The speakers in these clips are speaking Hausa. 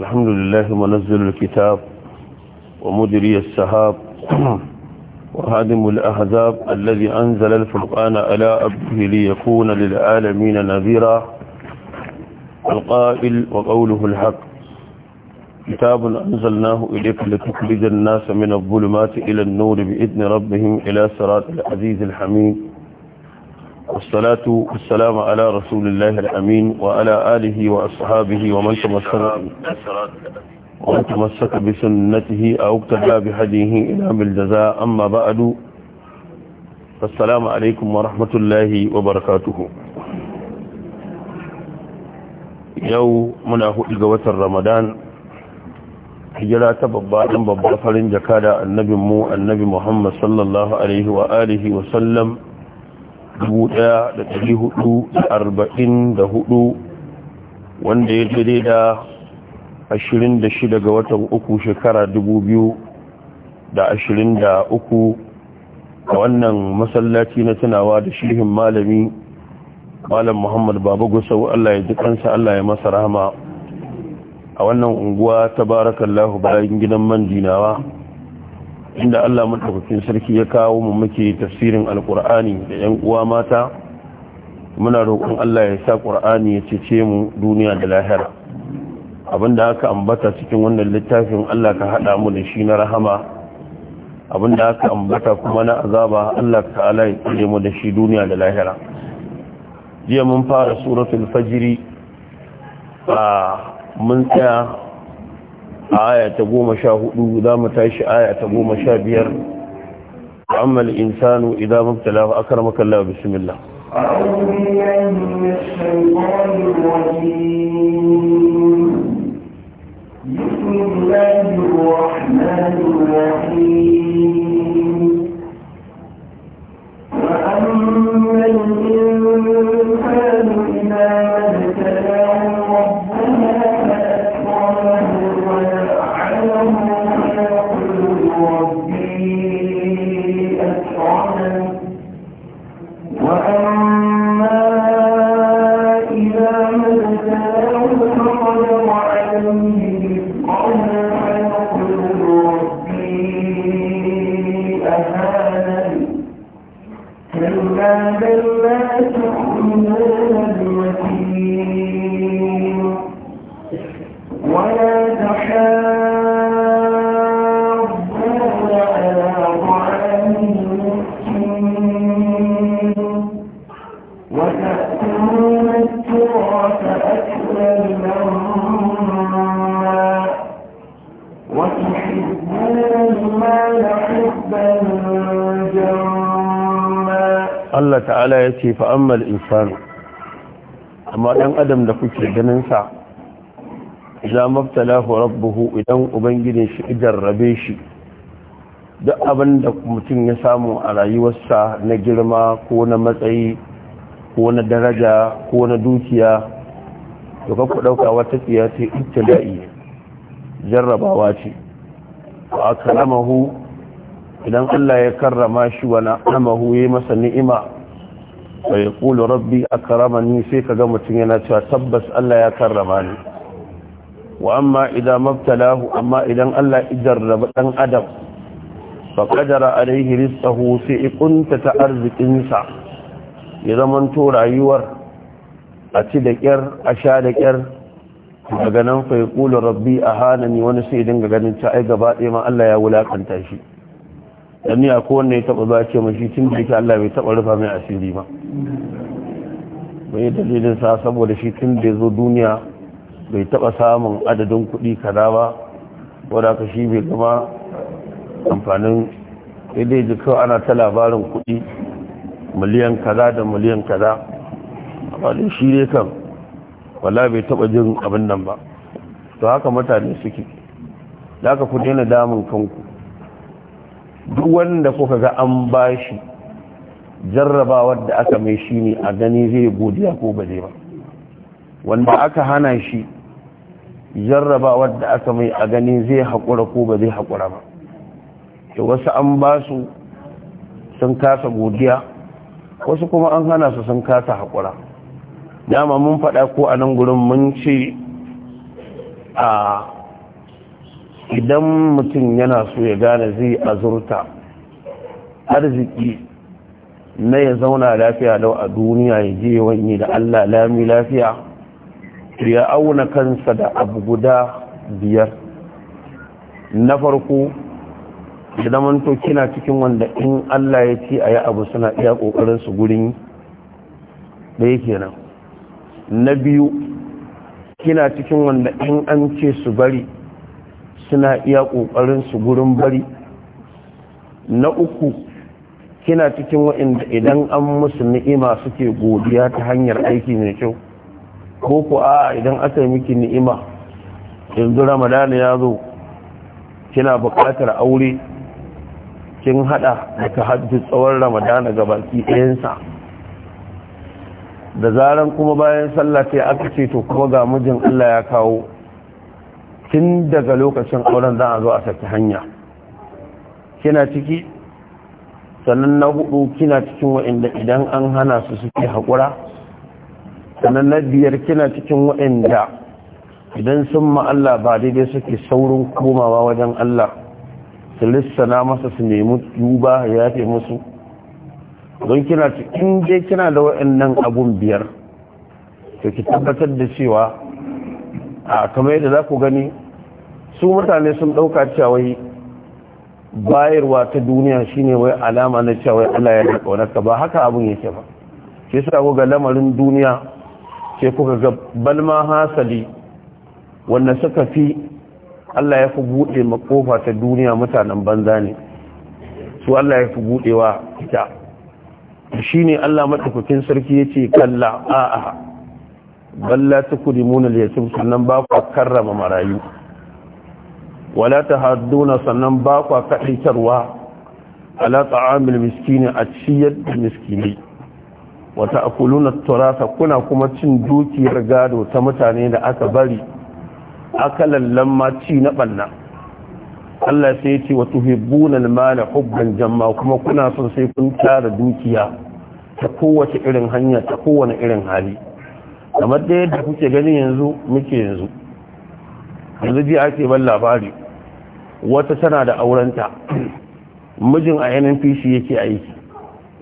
الحمد لله منزل الكتاب ومجري السحاب وهادم الأحزاب الذي أنزل الفرقان على أبه ليكون للعالمين نذيرا القائل وقوله الحق كتاب أنزلناه إليك لتخرج الناس من الظلمات إلى النور بإذن ربهم إلى صراط العزيز الحميد والصلاة والسلام على رسول الله الأمين وعلى آله وأصحابه ومن تمسك ومن تمسك بسنته أو اقتدى بهديه إلى بالجزاء أما بعد فالسلام عليكم ورحمة الله وبركاته يو من hudu ga watan ramadan hijira ta babba النبي babba النبي jaka da annabinmu annabi muhammad sallallahu 1444 wanda ya jire da 26 ga watan uku shekara 2023 a wannan masallaci na tunawa da shirhin malami malam muhammad baba gusau allah ya ji allah ya masa rahama a wannan unguwa ta barakallahu bayan gidan man manjinawa inda Allah madaukakin sarki ya kawo mu muke tafsirin alqur'ani da yan uwa mata muna roƙon Allah ya sa qur'ani ya cece mu duniya da lahira abinda aka ambata cikin wannan littafin Allah ka hada mu da shi na rahama abinda aka ambata kuma na azaba Allah ta'ala ya mu da shi duniya da lahira jiya mun fara suratul fajr a mun tsaya aya ta goma sha hudu za mu tashi aya ta goma sha biyar amma insanu idan mubtala fa akramaka Allah bismillah أعوذ بالله من الشيطان الرجيم بسم الله الرحمن الرحيم وأما الإنسان ta'ala ya ce fa'ammal insanu amma ɗan adam da kuke ganin ganinsa za maftalahu rabbuhu idan ubangijin shi jarrabe shi duk abin da mutum ya samu a rayuwarsa na girma ko na matsayi ko na daraja ko na dukiya da ku ɗauka wata tsiya ce ibtila'i jarrabawa ce a kalamahu idan Allah ya karrama shi wa na'amahu ya yi masa ni'ima fa yaqulu rabbi a ni sai ka gama cin yana cewa tabbas Allah ya karrama ni wa amma idan mabtalahu amma idan Allah ijarraba ɗan adam fa qadara alaihi rizqahu sai ikunta ta arzikinsa ya zaman to rayuwar a ci da kyar a sha da kyar daga nan fa yaqulu rabbi a hana ni wani sai dinga ganin ta ai gaba ɗaya ma Allah ya wulakanta shi dan ni akwai wanda ya taba zuwa ce mashi tun da yake Allah bai taba rufa mai asiri ba bai dalilin sa saboda shi tun da zo duniya bai taba samun adadin kuɗi kaza ba wadda ka shi bai gama amfanin idai ji kawai ana ta labarin kuɗi miliyan kaza da miliyan kaza a dai shi ne kan wala bai taba jin abin nan ba to haka mutane suke da aka ku daina damun kanku duk wanda kuka ga an ba shi jarrabawar da aka mai shi ne a gani zai godiya ko ba zai ba wanda aka hana shi jarrabawa da aka mai a gani zai haƙura ko ba zai haƙura ba ke wasu an ba su sun kasa godiya wasu kuma an hana su sun kasa haƙura dama mun faɗa ko a nan gurin mun ce a idan mutum yana so ya gane zai azurta arziki na ya zauna lafiya lau a duniya ya je wani da Allah lami lafiya ya auna kansa da abu guda biyar na farko da zamanto kina cikin wanda in Allah ya ce a yi abu suna iya ƙoƙarin su gurin da yake nan na biyu kina cikin wanda in an ce su bari suna iya ƙoƙarin su gurin bari na uku kina cikin waɗanda idan an musu ni'ima suke godiya ta hanyar aiki mai kyau ko ku a idan aka yi miki ni'ima yanzu ramadana ya zo kina buƙatar aure kin hada da tahajjud tsawon ramadana ga baki ɗayansa da zaran kuma bayan sallah sai aka ce to kuma ga mijin Allah ya kawo tun daga lokacin auren za a zo a saki hanya kina ciki sannan na hudu kina cikin waɗanda idan an hana su suke haƙura sannan na biyar kina cikin waɗanda idan sun ma'alla ba daidai suke saurin komawa wajen Allah su lissana masa su nemi duba ya yafe musu don kina cikin dai kina da waɗannan abun biyar to ki tabbatar da cewa a kamar yadda za ku gani su mutane sun ɗauka cewai bayarwa ta duniya shine wai alama na cewai Allah ya da kaunarka ba haka abin yake ba ke sa ku ga lamarin duniya ke kuka ga balma hasali wanda suka fi Allah ya fi buɗe makofa ta duniya mutanen banza ne su Allah ya fi buɗewa ita shine Allah madaukakin sarki ya ce kalla a'a balla tukrimuna muna yatim sannan ba ku karrama marayu wala ta Haduna sannan ba ku kaitarwa ala ta'amil miskini a ciyar da miskini wata akuluna turasa kuna kuma cin dukiyar gado ta mutane da aka bari aka lallan ci na ɓanna. Allah sai ce wa tuhibbuna ma mala hubban jamma kuma kuna son sai kun tara dukiya ta kowace irin hanya ta kowane irin hali kamar da yadda kuke gani yanzu muke yanzu yanzu ji ake ban labari wata tana da aurenta mijin a nnpc yake aiki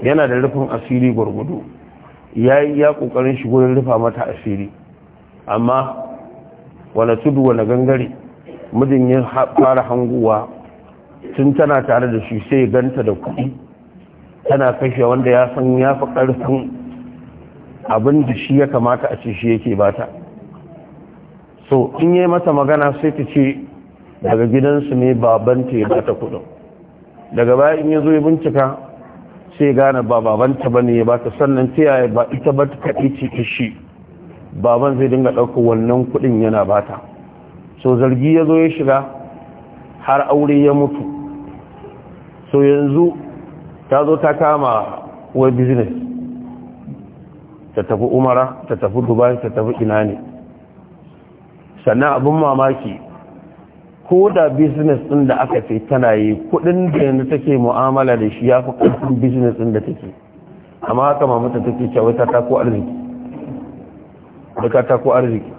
yana da rufin asiri gwargwado ya yi ya kokarin shigo da rufa mata asiri amma wane tudu wane gangare mijin ya fara hanguwa tun tana tare da shi sai ganta da kuɗi tana kashe wanda ya san ya fi ƙarfin abin da shi ya kamata a ce shi yake bata so in yi mata magana sai ta ce daga gidansu ne babanta ya bata kudin daga baya in ya zo ya bincika sai gane ba babanta ba ne ya bata sannan ta yaya ba ita ba ta kaɗi ce ta shi baban zai dinga ɗauka wannan kudin yana bata so zargi ya zo ya shiga har aure ya mutu so yanzu ta zo ta kama wa business ta tafi umara ta tafi dubai ta tafi ina ne sannan abin mamaki ko da business din da aka ce tana yi kudin da yanzu take mu'amala da shi ya fi kudin business din da take amma haka mamata take cewa ta ko arziki ta ko arziki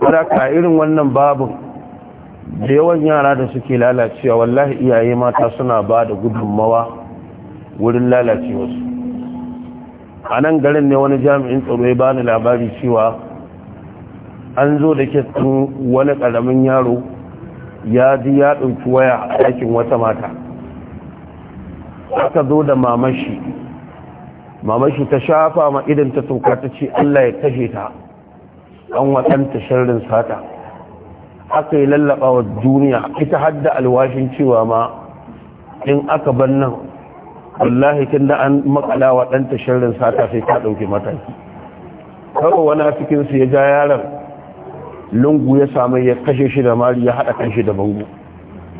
kada ka irin wannan babu da yawan yara da suke lalacewa wallahi iyaye mata suna ba da gudunmawa wurin su a nan garin ne wani jami'in tsaro ya bani labari cewa an zo da kitsin wani ƙaramin yaro ya ji ya ɗauki waya a ɗakin wata mata aka zo da mamashi mamashi ta shafa ma idan ta tuka ta ce allah ya kashe ta an waɗanta shirin sata aka yi lallaba wa duniya ita hadda alwashin cewa ma in aka bar nan wallahi tun da an makala wa ta shirin sata sai ta ɗauki mataki kawo wani cikin su ya ja yaron lungu ya samu ya kashe shi da mari ya haɗa kanshi da bango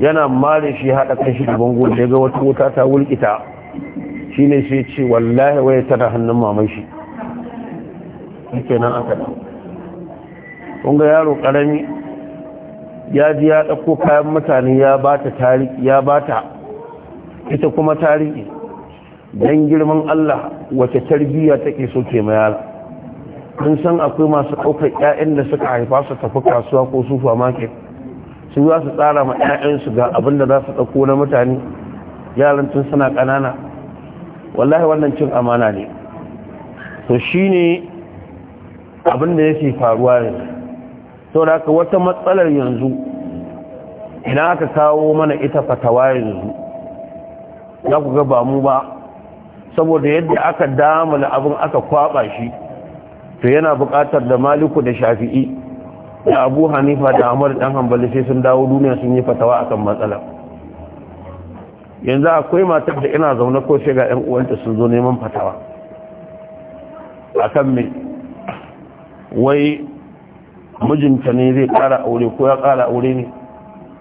yana mare shi ya haɗa kanshi da bango da ga wata wuta ta wulkita shine sai sai ce wallahi ta tana hannun maman shi yake nan aka da kun ga yaro ƙarami ya ji ya dauko kayan mutane ya ba ta tariki ya bata ita kuma tariki dan girman Allah wace tarbiyya take so ke ma yara kun san akwai masu ɗaukar ƴaƴan da suka haifa su tafi kasuwa ko market su za su tsara ma 'ya'yansu ga abin da za su ɗauko na mutane yaran tun suna ƙanana wallahi wannan cin amana ne to shine abin da yake faruwa ne saboda da wata matsalar yanzu ina aka kawo mana ita fatawa yanzu za ku ga ba mu ba saboda yadda aka da abin aka kwaba shi to yana buƙatar da maliku da shafi'i da abu hanifa da amur dan hambali sai sun dawo duniya sun yi fatawa akan matsala yanzu akwai matar da ina zaune ko sai ga 'yan uwanta sun zo neman fatawa A kan me wai mijinta ne zai kara aure ko ya ƙara aure ne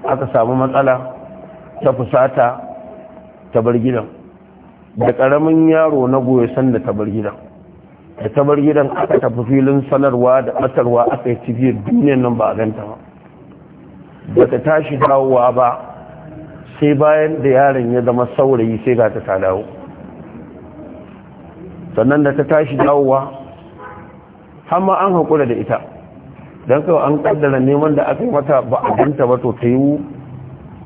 aka samu matsala ta fusata ta bar gidan da karamin yaro na goyi san da tabar gidan da tabar gidan aka tafi filin sanarwa da ɓatarwa aka yi cibiyar duniyar nan ba a ganta ba ba ta tashi dawowa ba sai bayan da yaron ya zama saurayi sai ga ta ta dawo sannan da ta tashi dawowa hamma an haƙura da ita don kawai an ƙaddara neman da aka yi mata ba a ganta ba to ta yi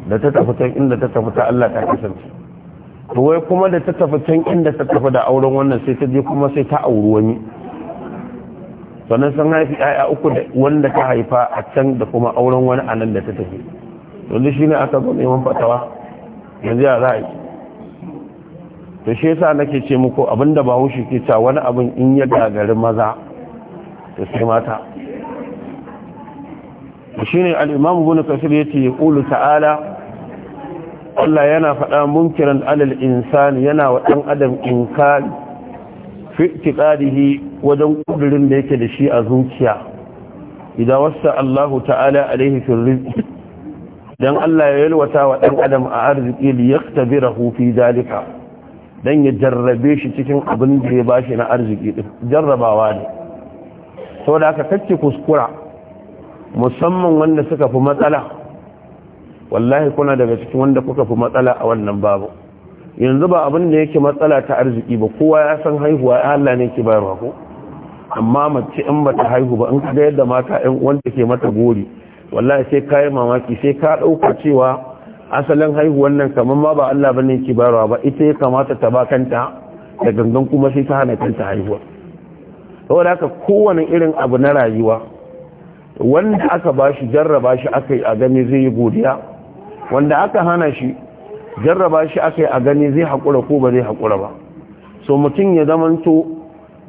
da ta tafi ta inda ta tafi ta Allah ta kasance to wai kuma da ta tafi can inda ta tafi da auren wannan sai ta je kuma sai ta auri wani sannan sun haifi ya'ya uku da wanda ta haifa a can da kuma auren wani a nan da ta tafi yanzu shi ne aka zo neman fatawa yanzu ya za a yi to shi yasa nake ce muku abinda ba hushi ke ta wani abin in ya gagari maza da sai mata shi ne al'imamu gunu kasir ya ce ya ƙulu ta'ala Allah yana faɗa munkiran alal insani yana wa ɗan adam inkari fi wajen ƙudurin da yake da shi a zuciya idan wasa Allahu ta'ala alaihi fil rizqi dan Allah ya yalwata wa ɗan adam a arziki li yaktabirahu fi dalika dan ya jarrabe shi cikin abin da ya bashi na arziki din jarrabawa ne saboda haka kacce kuskura musamman wanda suka fi matsala wallahi kuna daga cikin wanda kuka fi matsala a wannan babu yanzu ba abin da yake matsala ta arziki ba kowa ya san haihuwa ya Allah ne ke bayarwa ko amma mace in ba ta haihu ba in ka ga yadda mata ɗan wanda ke mata gori wallahi sai ka yi mamaki sai ka ɗauka cewa asalin haihuwan nan kamar ma ba Allah ne ke bayarwa ba ita ya kamata ta ba kanta da gangan kuma sai ta hana kanta haihuwa saboda haka kowane irin abu na rayuwa wanda aka bashi jarraba shi aka yi a gani zai yi godiya wanda aka hana shi jarraba shi aka yi a gani zai haƙura ko ba zai haƙura ba so mutum ya zamanto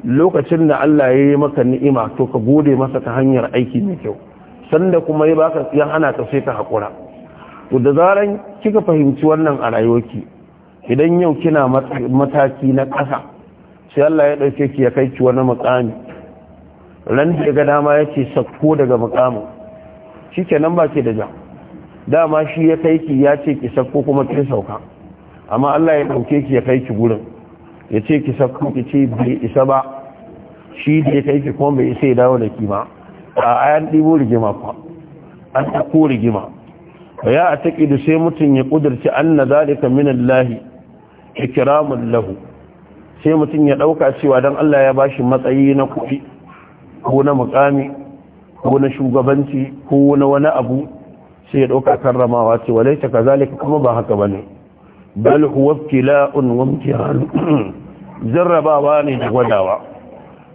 lokacin da Allah ya yi maka ni'ima to ka gode masa ta hanyar aiki mai kyau sanda kuma ya baka ya hana ka sai ka haƙura to da zaran kika fahimci wannan a rayuwarki idan yau kina mataki na ƙasa sai Allah ya ɗauke ki ya kai ki wani muƙami. ran da ga dama yake sakko daga mukamin shikenan ba ke da ja dama shi ya kai ki ya ce ki sako kuma ki sauka amma Allah ya dauke ki ya kai ki gurin ya ce ki sako ki ce bai isa ba shi da ya kai ki kuma bai isa ya dawo da ki ba a ayan dibo rigima fa an ta ko rigima wa ya ataki da sai mutun ya kudurci anna zalika min Allah ikramun lahu sai mutun ya dauka cewa dan Allah ya bashi matsayi na kudi ko na mukami ko na shugabanci ko na wani abu sai ya ɗauka karramawa ce walai ta kazalika kuma ba haka ba ne bal huwa ibtila'un wa jarrabawa ne da gwadawa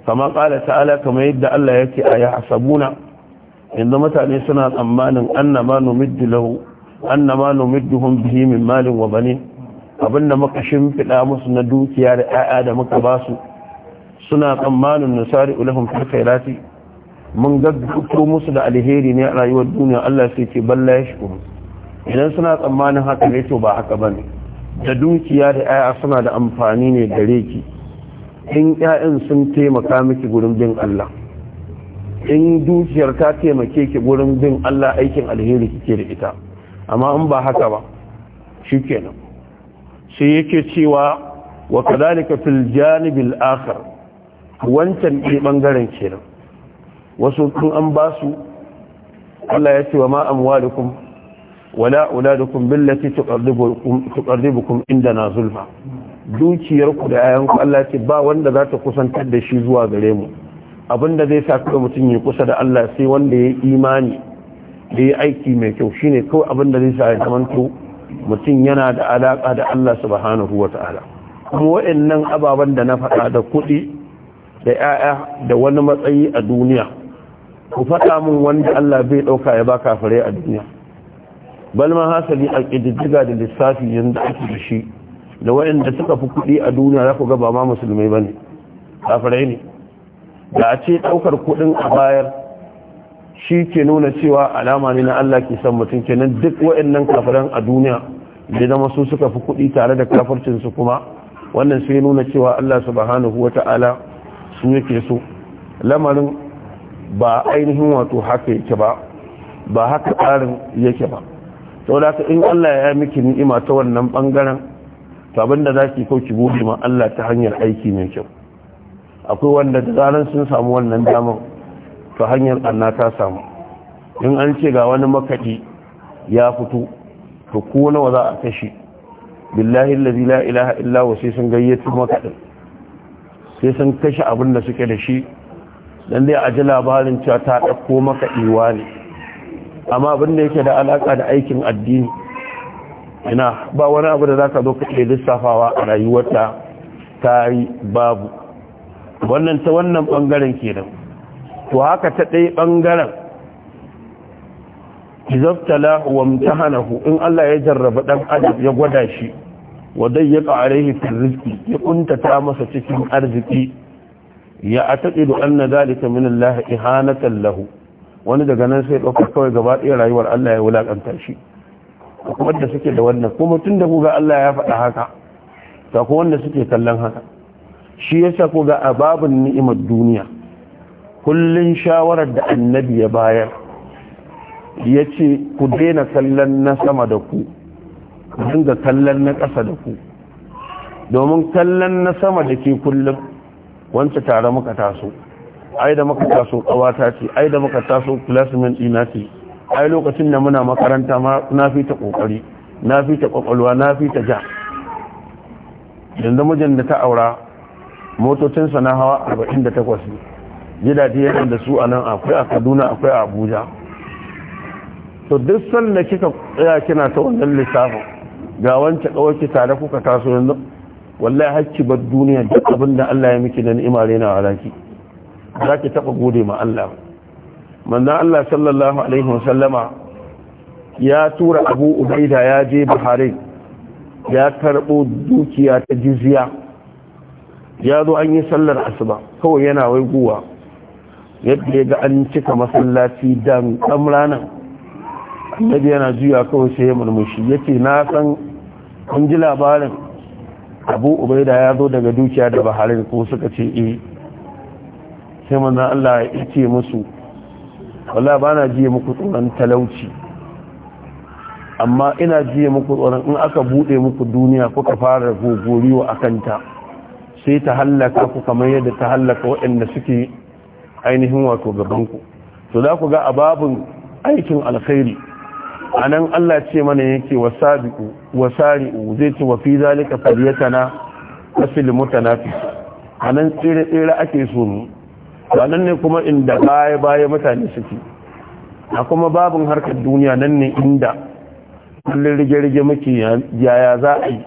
kama qala ta'ala kamar yadda Allah yake a yahsabuna yanzu mutane suna tsammanin annama numiddu lahu annama bihi min malin wa banin abinda muka shimfiɗa musu na dukiya da 'ya'ya da muka basu suna tsammanin nasari ulahum fil khairati mun gaggauto musu da alheri ne a rayuwar duniya Allah sai ce balla ya shukuru idan suna tsammanin haka ne to ba haka ba ne da dukiya da 'ya'ya suna da amfani ne gare ki in 'ya'yan sun taimaka miki gurin bin Allah in dukiyar ta taimake ki gurin bin Allah aikin alheri kike da ita amma in ba haka ba shikenan sai yake cewa wa kadhalika fil janibil akhar wancan bangaren kenan wasu kun an ba su Allah ya ce wa ma amwalukum wala auladukum billati tuqarribukum tuqarribukum indana zulfa dukiyarku da ayanku Allah ce ba wanda za ta kusantar da shi zuwa gare mu abinda zai sa kuma mutum ya kusa da Allah sai wanda ya imani da ya aiki mai kyau shine kawai abinda zai sa ya zamanto mutum yana da alaka da Allah subhanahu wata'ala kuma waɗannan ababen da na faɗa da kuɗi da 'ya'ya da wani matsayi a duniya ku faɗa mun wanda Allah bai ɗauka ya ba kafirai a duniya ma hasali a ƙididdiga da lissafi yadda ake da shi da waɗanda suka fi kuɗi a duniya za ku ga ba ma musulmai ba ne kafirai ne da a ce ɗaukar kuɗin a bayar shi ke nuna cewa alama ne na Allah ke son mutum kenan duk wayannan kafiran a duniya da zama su suka fi kuɗi tare da su kuma wannan sai nuna cewa Allah subhanahu wata'ala su yake so lamarin ba ainihin wato haka yake ba ba haka tsarin yake ba sau da ka in Allah ya miki ni'ima ta wannan bangaren abinda zaki za ki kauki gobe ma Allah ta hanyar aiki ne kyau akwai wanda da zaran sun samu wannan daman ta hanyar Allah ta samu in an ce ga wani makaɗi ya fito to ko nawa za a kashe billahi allazi la ilaha illa wa sai sun gayyato makadin sai sun kashe abinda suke da shi dan dai a ji labarin cewa ta ɗauko maka iwa ne amma abin da yake da alaƙa da aikin addini ina ba wani abu da za ka zo kaɗe lissafawa a rayuwarta ta yi babu wannan ta wannan ɓangaren kenan to haka ta ɗaya ɓangaren izaftala wa mutahanahu in Allah ya jarraba dan adam ya gwada shi wa dayyaka alaihi fil rizqi ya ƙuntata masa cikin arziki ya ataqidu anna zalika min Allah ihanatan lahu wani daga nan sai ɗaukar kawai gaba ɗaya rayuwar Allah ya wulakanta shi kuma da suke da wannan kuma tun da kuga Allah ya faɗa haka ta ku wanda suke kallon haka shi yasa kuga a babin ni'imar duniya kullun shawarar da annabi ya bayar ya ce ku daina kallon na sama da ku ku dinga kallon na kasa da ku domin kallon na sama da ke kullum wance tare muka taso ai da muka taso kawata ce ai da muka taso classmate ɗina ce ai lokacin da muna makaranta ma na fi ta kokari na fi ta kwakwalwa na fi ta ja yanzu mijin da ta aura motocinsa na hawa 48 gidaje yadda da su a nan akwai a kaduna akwai a abuja to duk sanda kika tsaya kina ta wannan lissafin ga wancan kawai tare kuka taso yanzu wallahi hacci bar duniya duk abinda Allah ya miki da ni'ima rena a raki za ki taɓa gode ma Allah manzan Allah sallallahu alaihi wasallama ya tura abu ubaida ya je Buhari ya karɓo dukiya ta jiziya ya zo an yi sallar asuba kawai yana waigowa. yadda ya ga an cika masallaci dan ɗan ranar annabi yana juya kawai sai ya murmushi ya na san kun ji labarin abu ubaida ya zo daga dukiya da baharin ko suka ce eh sai manzan Allah ya ce musu wallah ba na jiye muku tsoron talauci amma ina jiye muku tsoron in aka bude muku duniya kuka fara gogoriwa a kanta sai ta hallaka ku kamar yadda ta hallaka waɗanda suke ainihin wato gabanku to za ku ga a babun aikin alkhairi a nan Allah ce mana yake wasari'u zai ce wa fi zalika falyatana asil mutanafi a nan tsere tsere ake so mu ba nan ne kuma inda baya baya mutane suke a kuma babin harkar duniya nan ne inda kullum rige-rige muke yaya za a yi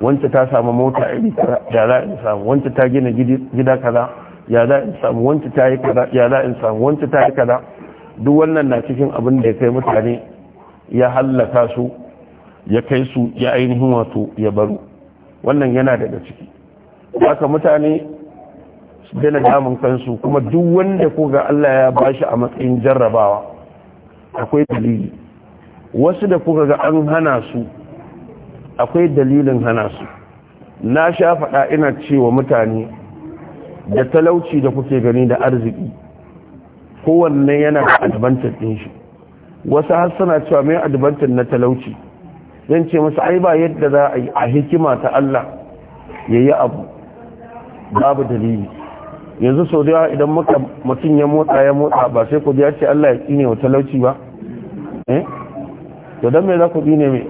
wancan ta samu mota iri ya za in samu wancan ta gina gida kaza ya za in samu wancan ta yi kaza ya za in samu wancan ta yi kaza duk wannan na cikin abin da ya kai mutane ya hallaka su ya kai su ya ainihin wato ya baro wannan yana daga ciki haka mutane su damun kansu kuma duk wanda ko ga Allah ya bashi a matsayin jarrabawa akwai dalili wasu da kuka ga an hana su akwai dalilin hana su na sha faɗa ina cewa mutane da talauci da kuke gani da arziki kowanne yana da advantage ɗin shi wasu har suna cewa mai advantin na talauci zan ce masu ai ba yadda za a yi a hikima ta Allah ya yi abu babu dalili yanzu sau da idan mutum ya motsa ya motsa ba sai ku ya ce Allah ya tsine wa talauci ba eh to don me za ku tsine me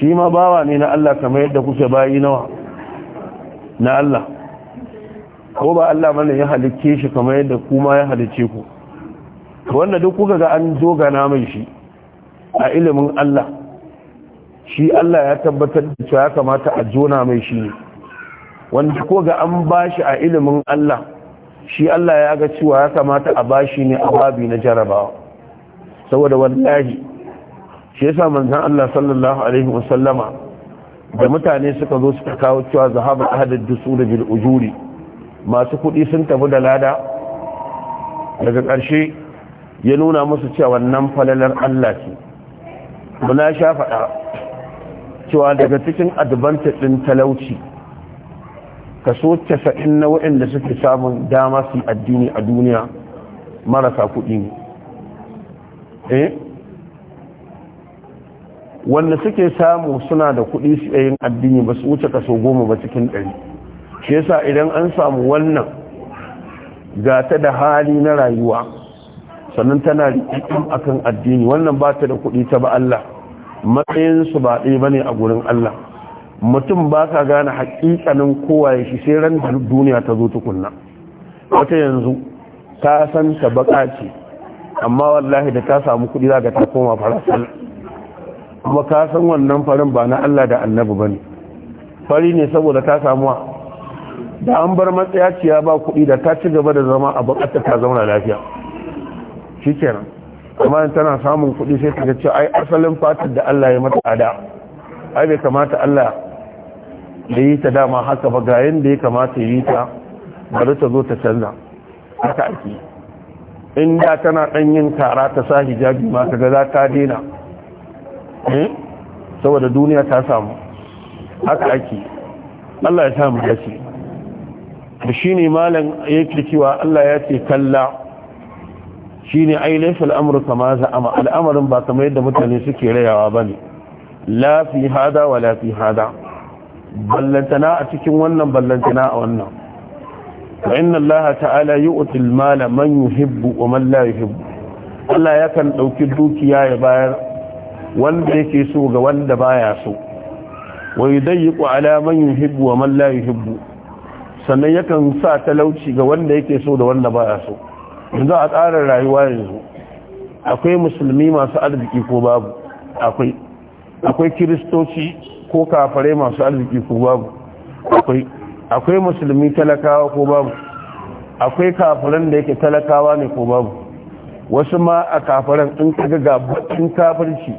shi ma bawa ne na Allah kamar yadda kuke bayi nawa na Allah ko ba Allah mana ya halicce shi kamar yadda kuma ya halicce ku wanda duk kuka ga an dogana mai shi a ilimin Allah shi Allah ya tabbatar da cewa ya kamata a jona mai shi ne wanda ko ga an bashi a ilimin Allah shi Allah ya ga cewa ya kamata a shi ne a babi na jarabawa saboda wallahi shi yasa manzon Allah sallallahu alaihi wasallama da mutane suka zo suka kawo cewa zahaba ahadud dusul bil ujuri masu kudi sun tafi da lada daga ƙarshe ya nuna musu cewa wannan falalar Allah ce muna sha faɗa cewa daga cikin advantage ɗin talauci kaso 90 na waɗanda suke samun dama su addini a duniya marasa kuɗi ne eh wanda suke samu suna da kuɗi su yin addini ba su wuce kaso goma ba cikin ɗari shi yasa idan an samu wannan gata da hali na rayuwa sannan tana rikikin akan addini wannan ba ta da kuɗi ta ba Allah matsayinsu ba ɗaya ba ne a gurin Allah mutum ba ka gane haƙiƙanin kowa ya shi sai ran duniya ta zo tukunna wata yanzu ta san ta baka ce amma wallahi da ta samu kuɗi za ka ta koma farasal kuma ka san wannan farin ba na Allah da annabi ba ne fari ne saboda ta samu da an bar matsayaciya ba kuɗi da ta ci gaba da zama a bakar ta zauna lafiya kenan amma tana samun kuɗi sai kaga cewa ai asalin fatar da Allah ya mata ada ai bai kamata Allah da yi ta dama haka ba ga yanda ya kamata yi ta bari ta zo ta canza haka ake in da tana ɗan yin kara ta sa hijabi ma kaga za ta daina eh? saboda duniya ta samu haka ake Allah ya samu dace shi ne malam yake cewa Allah ya ce kalla shine ai laifin amru kama za'ama al'amarin ba kamar yadda mutane suke rayawa ba ne lafi hada wa lafi hada ballantana a cikin wannan ballantana a wannan ba inna allaha ta'ala yi otul mala man hibbu wa man la hibbu Allah yakan ɗauki dukiya ya bayar wanda yake so ga wanda baya so wa yi ƙwa’ala man hibbu wa man la hibbu sannan yakan sa talauci ga wanda yake so da wanda baya so yanzu a tsarin rayuwa yanzu akwai musulmi masu arziki ko babu akwai akwai kiristoci ko kafare masu arziki ko babu akwai akwai musulmi talakawa ko babu akwai kafiran da yake talakawa ne ko babu wasu ma a kafiran in kaga ga bakin kafirci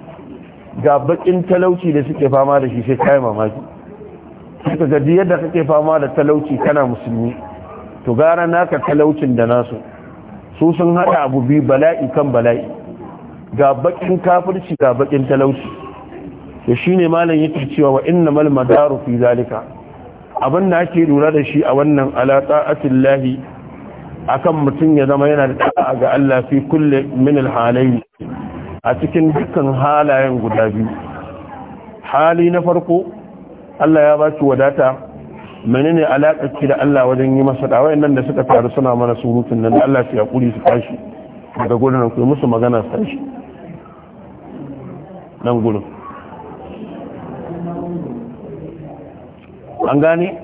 ga bakin talauci da suke fama da shi sai kai mamaki kaga ga yadda kake fama da talauci kana musulmi to gara naka talaucin da nasu su sun haɗa abu bi bala'i kan bala'i ga bakin kafirci ga bakin talauci da shine malam yake cewa wa mal madaru fi zalika abin da ake lura da shi a wannan alaƙa atillahi akan mutum ya zama yana da ta'a ga Allah fi kulle min alhalayn a cikin dukkan halayen guda biyu hali na farko Allah ya ba shi wadata menene alaƙar ki da Allah wajen yi masa da wayannan da suka taru suna mana surutun nan Allah su kuri su tashi daga gurin ku musu magana su tashi nan gurin an gane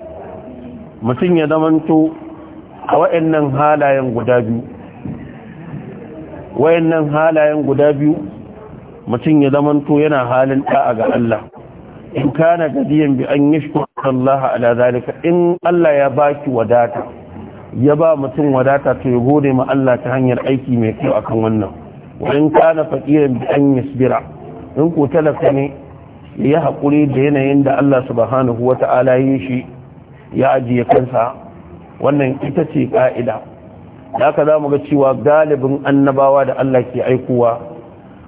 mutum ya zamanto a wayannan halayen guda biyu wayannan halayen guda biyu mutum ya zamanto yana halin ɗa'a ga Allah in kana gadiyan bi an yashkur Allah ala zalika in Allah ya baki wadata ya ba mutum wadata to ya gode ma Allah ta hanyar aiki mai kyau akan wannan wa in kana faqiran bi an in ko talaka ne ya hakuri da yanayin da Allah subhanahu wata'ala yi shi ya ajiye kansa wannan ita ce ka'ida da haka za ga cewa galibin annabawa da Allah ke aikowa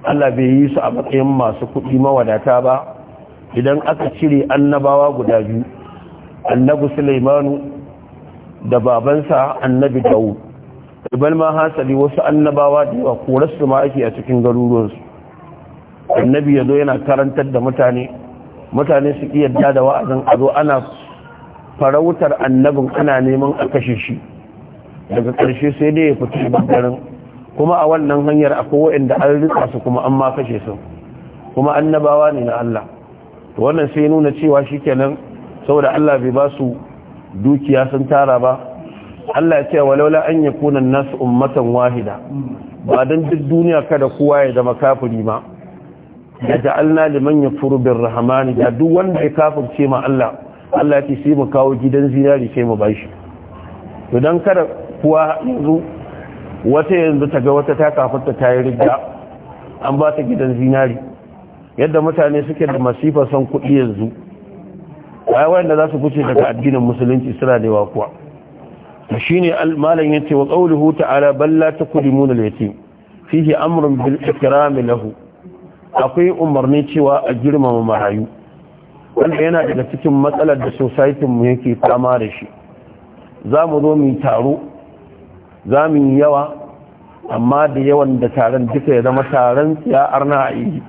Allah bai yi su a matsayin masu kuɗi mawadata ba idan aka cire annabawa guda biyu annabi sulaimanu da babansa annabi dawud ibal ma hasali wasu annabawa da yawa korarsu ma ake a cikin garuruwansu annabi ya zo yana karantar da mutane mutane su iya da wa'azin a zo ana farautar annabin ana neman a kashe shi daga ƙarshe sai dai ya fito bangaren kuma a wannan hanyar akwai waɗanda an rika su kuma an ma kashe su kuma annabawa ne na Allah wannan sai nuna cewa shi kenan saboda Allah bai ba su dukiya sun tara ba Allah ya ce walaula an yakuna an nasu ummatan wahida ba dan duk duniya kada kowa ya zama kafiri ma ya ja'alna liman yakfuru birrahmani da duk wanda ya kafirce ma Allah Allah ya ce sai mu kawo gidan zinari sai mu bashi to dan kada kowa yanzu wata yanzu ta ga wata ta kafarta ta yi rigga an ba ta gidan zinari yadda mutane suke da masifa son kuɗi yanzu ai wanda za su fice daga addinin musulunci suna da yawa kuwa shine malam yace wa qawluhu ta'ala bal la takudimuna al-yatim fihi amrun bil ikram lahu akwai umarni cewa a girmama marayu wanda yana daga cikin matsalar da society mu yake fama da shi zamu zo mu taro zamu yawa amma da yawan da taron duka ya zama taron ya arna a yi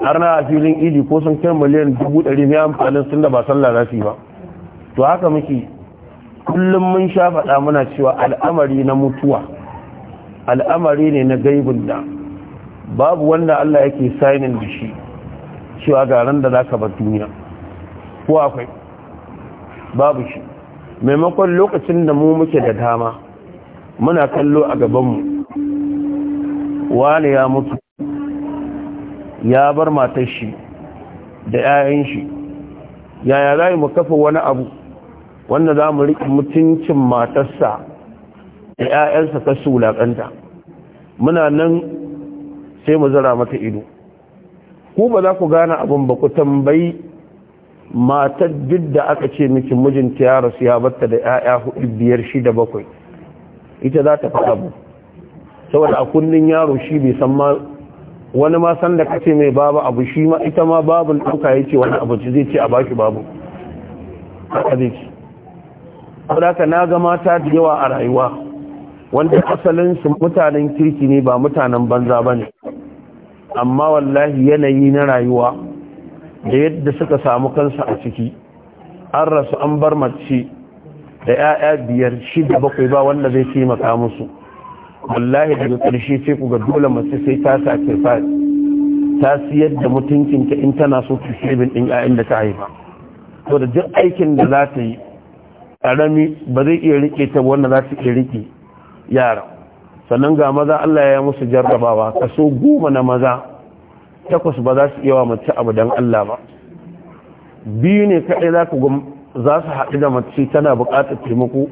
har na a filin idi ko sun kai miliyan dubu ɗari mai amfanin sun da ba sallah za ba to haka muke kullum mun sha faɗa muna cewa al'amari na mutuwa al'amari ne na gaibin da babu wanda Allah yake sainin da shi cewa ga ran da zaka bar duniya ko akwai babu shi maimakon lokacin da mu muke da dama muna kallo a gabanmu wane ya mutu ya bar matar shi da 'ya'yan shi yaya za mu kafa wani abu wanda za mu riƙe mutuncin matarsa da 'ya'yansa ta sulaƙanta muna nan sai mu zara mata ido ku ba za ku gane abin ba ku tambayi matar duk da aka ce miki mijinta ya rasu ya batta da 'ya'ya hudu biyar shida bakwai ita za ta faɗa mu saboda a kundin yaro shi bai san ma wani ma san da kace mai babu abu shi ma ita ma babu ɗauka ya ce wani abinci zai ce a baki babu haka zai ce haka na ga mata da yawa a rayuwa wanda asalin su mutanen kirki ne ba mutanen banza bane amma wallahi yanayi na rayuwa da yadda suka samu kansa a ciki an rasu an bar mace da 'ya'ya biyar shida bakwai ba wanda zai taimaka musu wallahi daga ƙarshe sai ku ga dole mace sai ta fa ta siyar da mutuncin mutuncinta in tana so ta sabin ɗin ƴaƴan da ta haifa to da duk aikin da za ta yi ƙarami ba zai iya riƙe ta wanda za ta iya riƙe yara sannan ga maza Allah ya musu jarrabawa kaso goma na maza takwas ba za su iya wa mace abu don Allah ba biyu ne kaɗai za ku za su haɗu da mace tana buƙatar taimako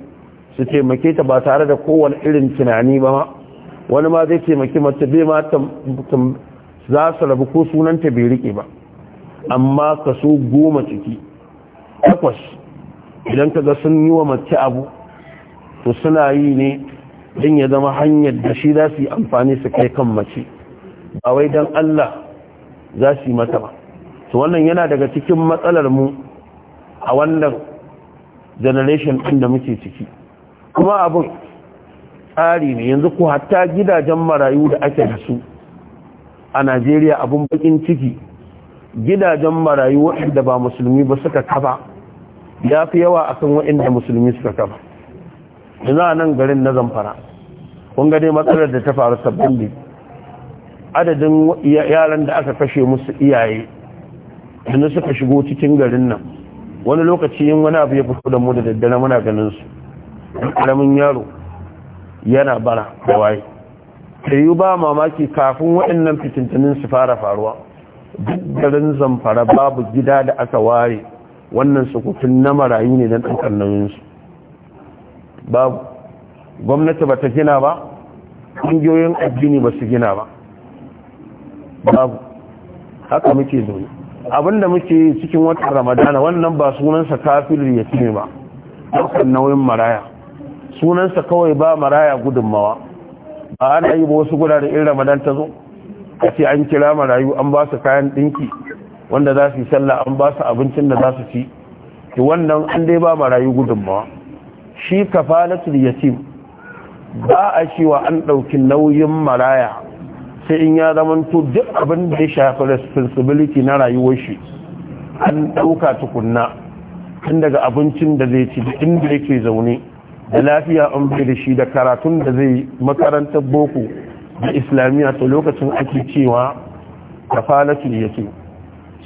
su taimake ta ba tare da kowane irin tunani ba wani ma zai taimaki mace bai ma za su rabu ko sunanta bai rike ba amma kaso goma ciki takwas idan ka ga sun yi wa mace abu to suna yi ne don ya zama hanyar da shi za su yi amfani su kai kan mace ba wai don Allah za su yi mata ba to wannan yana daga cikin matsalar mu a wannan generation ɗin da muke ciki kuma abun tsari ne yanzu ku hatta gidajen marayu da ake da su a najeriya abin bakin ciki gidajen marayu waɗanda ba musulmi ba suka kafa ya fi yawa akan waɗanda musulmi suka kafa yanzu a nan garin na zamfara kun dai matsalar da ta faru sabbin ne adadin yaran da aka kashe musu iyaye yanzu suka shigo cikin garin nan wani lokaci yin wani abu ya fito da mu da daddare muna ganin su ɗan ƙaramin yaro yana bara da waye yi ba mamaki kafin waɗannan fitintunin su fara faruwa duk garin zamfara babu gida da aka ware wannan sukutun na marayu ne don ɗanƙarnaninsu babu gwamnati ba ta gina ba ƙungiyoyin addini ba su gina ba babu haka muke zoye abinda muke cikin watan ramadana wannan ba sunansa kafin ya ba ɗaukar nauyin maraya sunansa kawai ba maraya gudunmawa ba an yi ba wasu gurare in ramadan ta zo a ce an kira marayu an ba su kayan ɗinki wanda za su yi sallah an ba su abincin da za su ci ki wannan an dai ba marayu gudunmawa shi kafalatul yatim ba a cewa an ɗauki nauyin maraya sai in ya zamanto duk abin da ya shafi responsibility na rayuwar shi an ɗauka tukunna tun daga abincin da zai ci da inda yake zaune da lafiya an bai da shi da karatun da zai makarantar boko da islamiyya ta lokacin ake cewa ta ya su.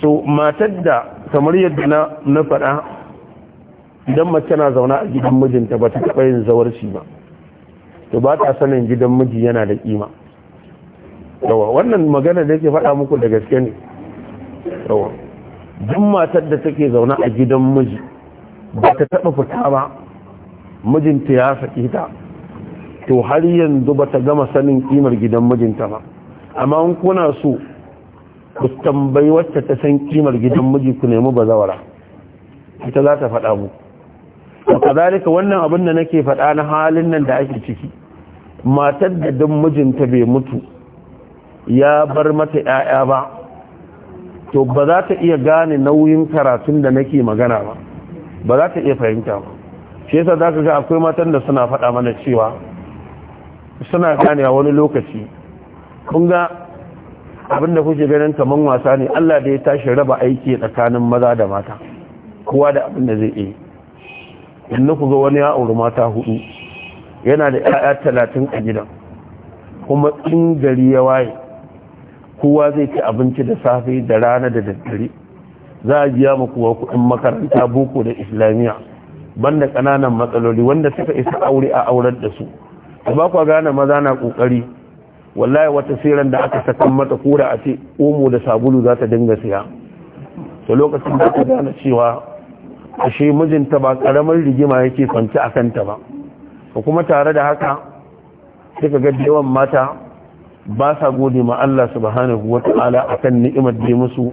so matar da kamar yadda na na faɗa idan mace na zauna a gidan mijinta ba ta taɓa yin zawarci ba to ba ta sanin gidan miji yana da kima yawa wannan magana da yake faɗa muku da gaske ne yawa duk matar da take zaune a gidan miji ba ta taɓa fita ba mijinta ya saki ta to har yanzu ba ta gama sanin kimar gidan mijinta ba amma kuna so ku tambayi wacce ta san kimar gidan miji ku nemi bazawara ita za ta faɗa mu kazalika wannan abin da nake faɗa na halin nan da ake ciki matar da dan mijinta bai mutu ya bar mata 'ya'ya ba to ba za ta iya gane nauyin karatun da nake magana ba ba za ta iya fahimta ba shi yasa za ka ga akwai matan da suna faɗa mana cewa suna a wani lokaci kun ga abinda kuke ganin kamar wasa ne Allah da ya tashi raba aiki tsakanin maza da mata kowa da abin da zai yi inda ku ga wani ya auri mata hudu yana da 'ya'ya talatin a gidan kuma in gari ya waye kowa zai ci abinci da safe da rana da daddare za a biya ma kuwa kuɗin makaranta boko da islamiyya banda kananan matsaloli wanda suka isa aure a aurar da su ba kwa gane maza na ƙoƙari wallahi wata siran da aka sakan mata kura a ce omo da sabulu za ta dinga siya to lokacin da ta gane cewa ashe mijinta ba ƙaramar rigima yake kwanci a kanta ba ko kuma tare da haka suka ga yawan mata ba sa gode ma Allah subhanahu wata'ala akan ni'imar da musu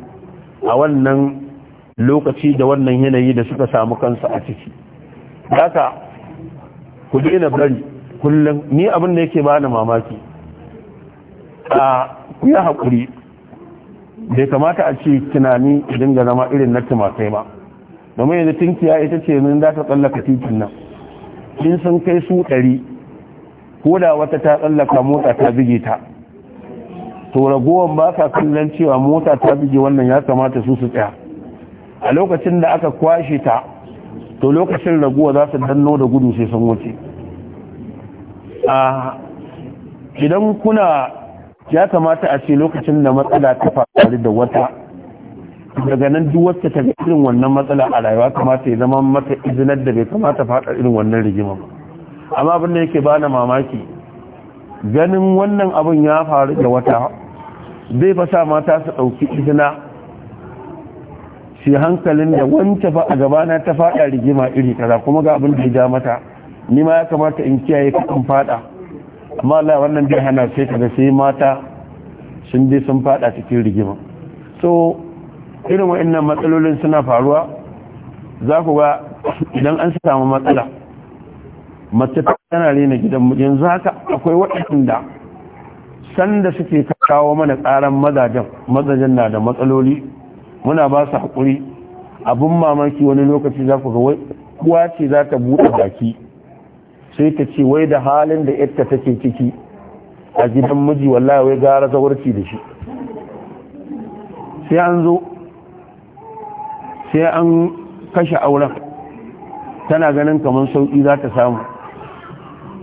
a wannan lokaci da wannan yanayi da suka samu kansu a ciki haka ku daina bari kullum ni abin da yake bani mamaki a ku yi haƙuri bai kamata a ce tunani idan ga zama irin na tumakai ba domin yanzu tinkiya ita ce min za ta tsallaka titin nan in sun kai su ɗari ko da wata ta tsallaka mota ta bige ta to ragowar ba sa kallon cewa mota ta bige wannan ya kamata su su tsaya a lokacin da aka kwashe ta to lokacin raguwa za su danno da gudu sai sun wuce a idan kuna ya kamata a ce lokacin da matsala ta faru da wata daga nan duk wacce ta ga irin wannan matsala a rayuwa kamata ya zama mata izinar da bai kamata faɗa irin wannan rigima ba amma abin da yake na mamaki ganin wannan abin ya faru da wata zai fasa mata su ɗauki izina shi hankalin da wancan fa a gabana ta fada rigima iri kaza kuma ga abin da ya ja mata ni ma ya kamata in kiyaye kan fada amma Allah wannan bai hana sai kaga sai mata sun bi sun fada cikin rigima so irin wa'annan matsalolin suna faruwa za ku ga idan an samu matsala mace ta tana rena gidan yanzu haka akwai waɗanda sanda suke kawo mana ƙaran mazajen mazajen na da matsaloli muna ba su haƙuri abin mamaki wani lokaci za ku wai kuwa ce za ta buɗe baki sai ta ce wai da halin da yadda take ciki a gidan miji wallahi wai gara zawarci da shi sai an zo sai an kashe auren tana ganin kamar sauƙi za ta samu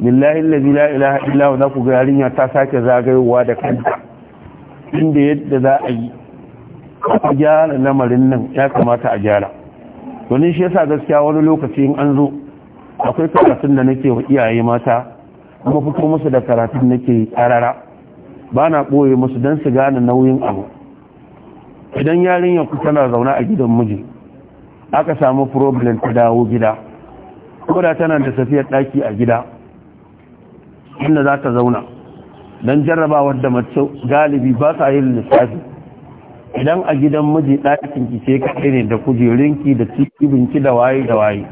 billahi lazi la ilaha illa za ku ga yarinya ta sake zagayowa da kanta inda yadda za a yi a gyara lamarin nan ya kamata a gyara wani shi yasa gaskiya wani lokaci in an zo akwai karatun da nake wa iyaye mata kuma fito musu da karatun nake karara ba na ɓoye musu don su gane nauyin abu idan yarinyar ku tana zauna a gidan miji aka samu problem ta dawo gida koda tana da safiyar ɗaki a gida inda za ta zauna don jarrabawar da mace galibi ba sa yin lissafi idan a gidan miji ɗakin ki ce kaɗai ne da kujerunki da cibinki da waye da waye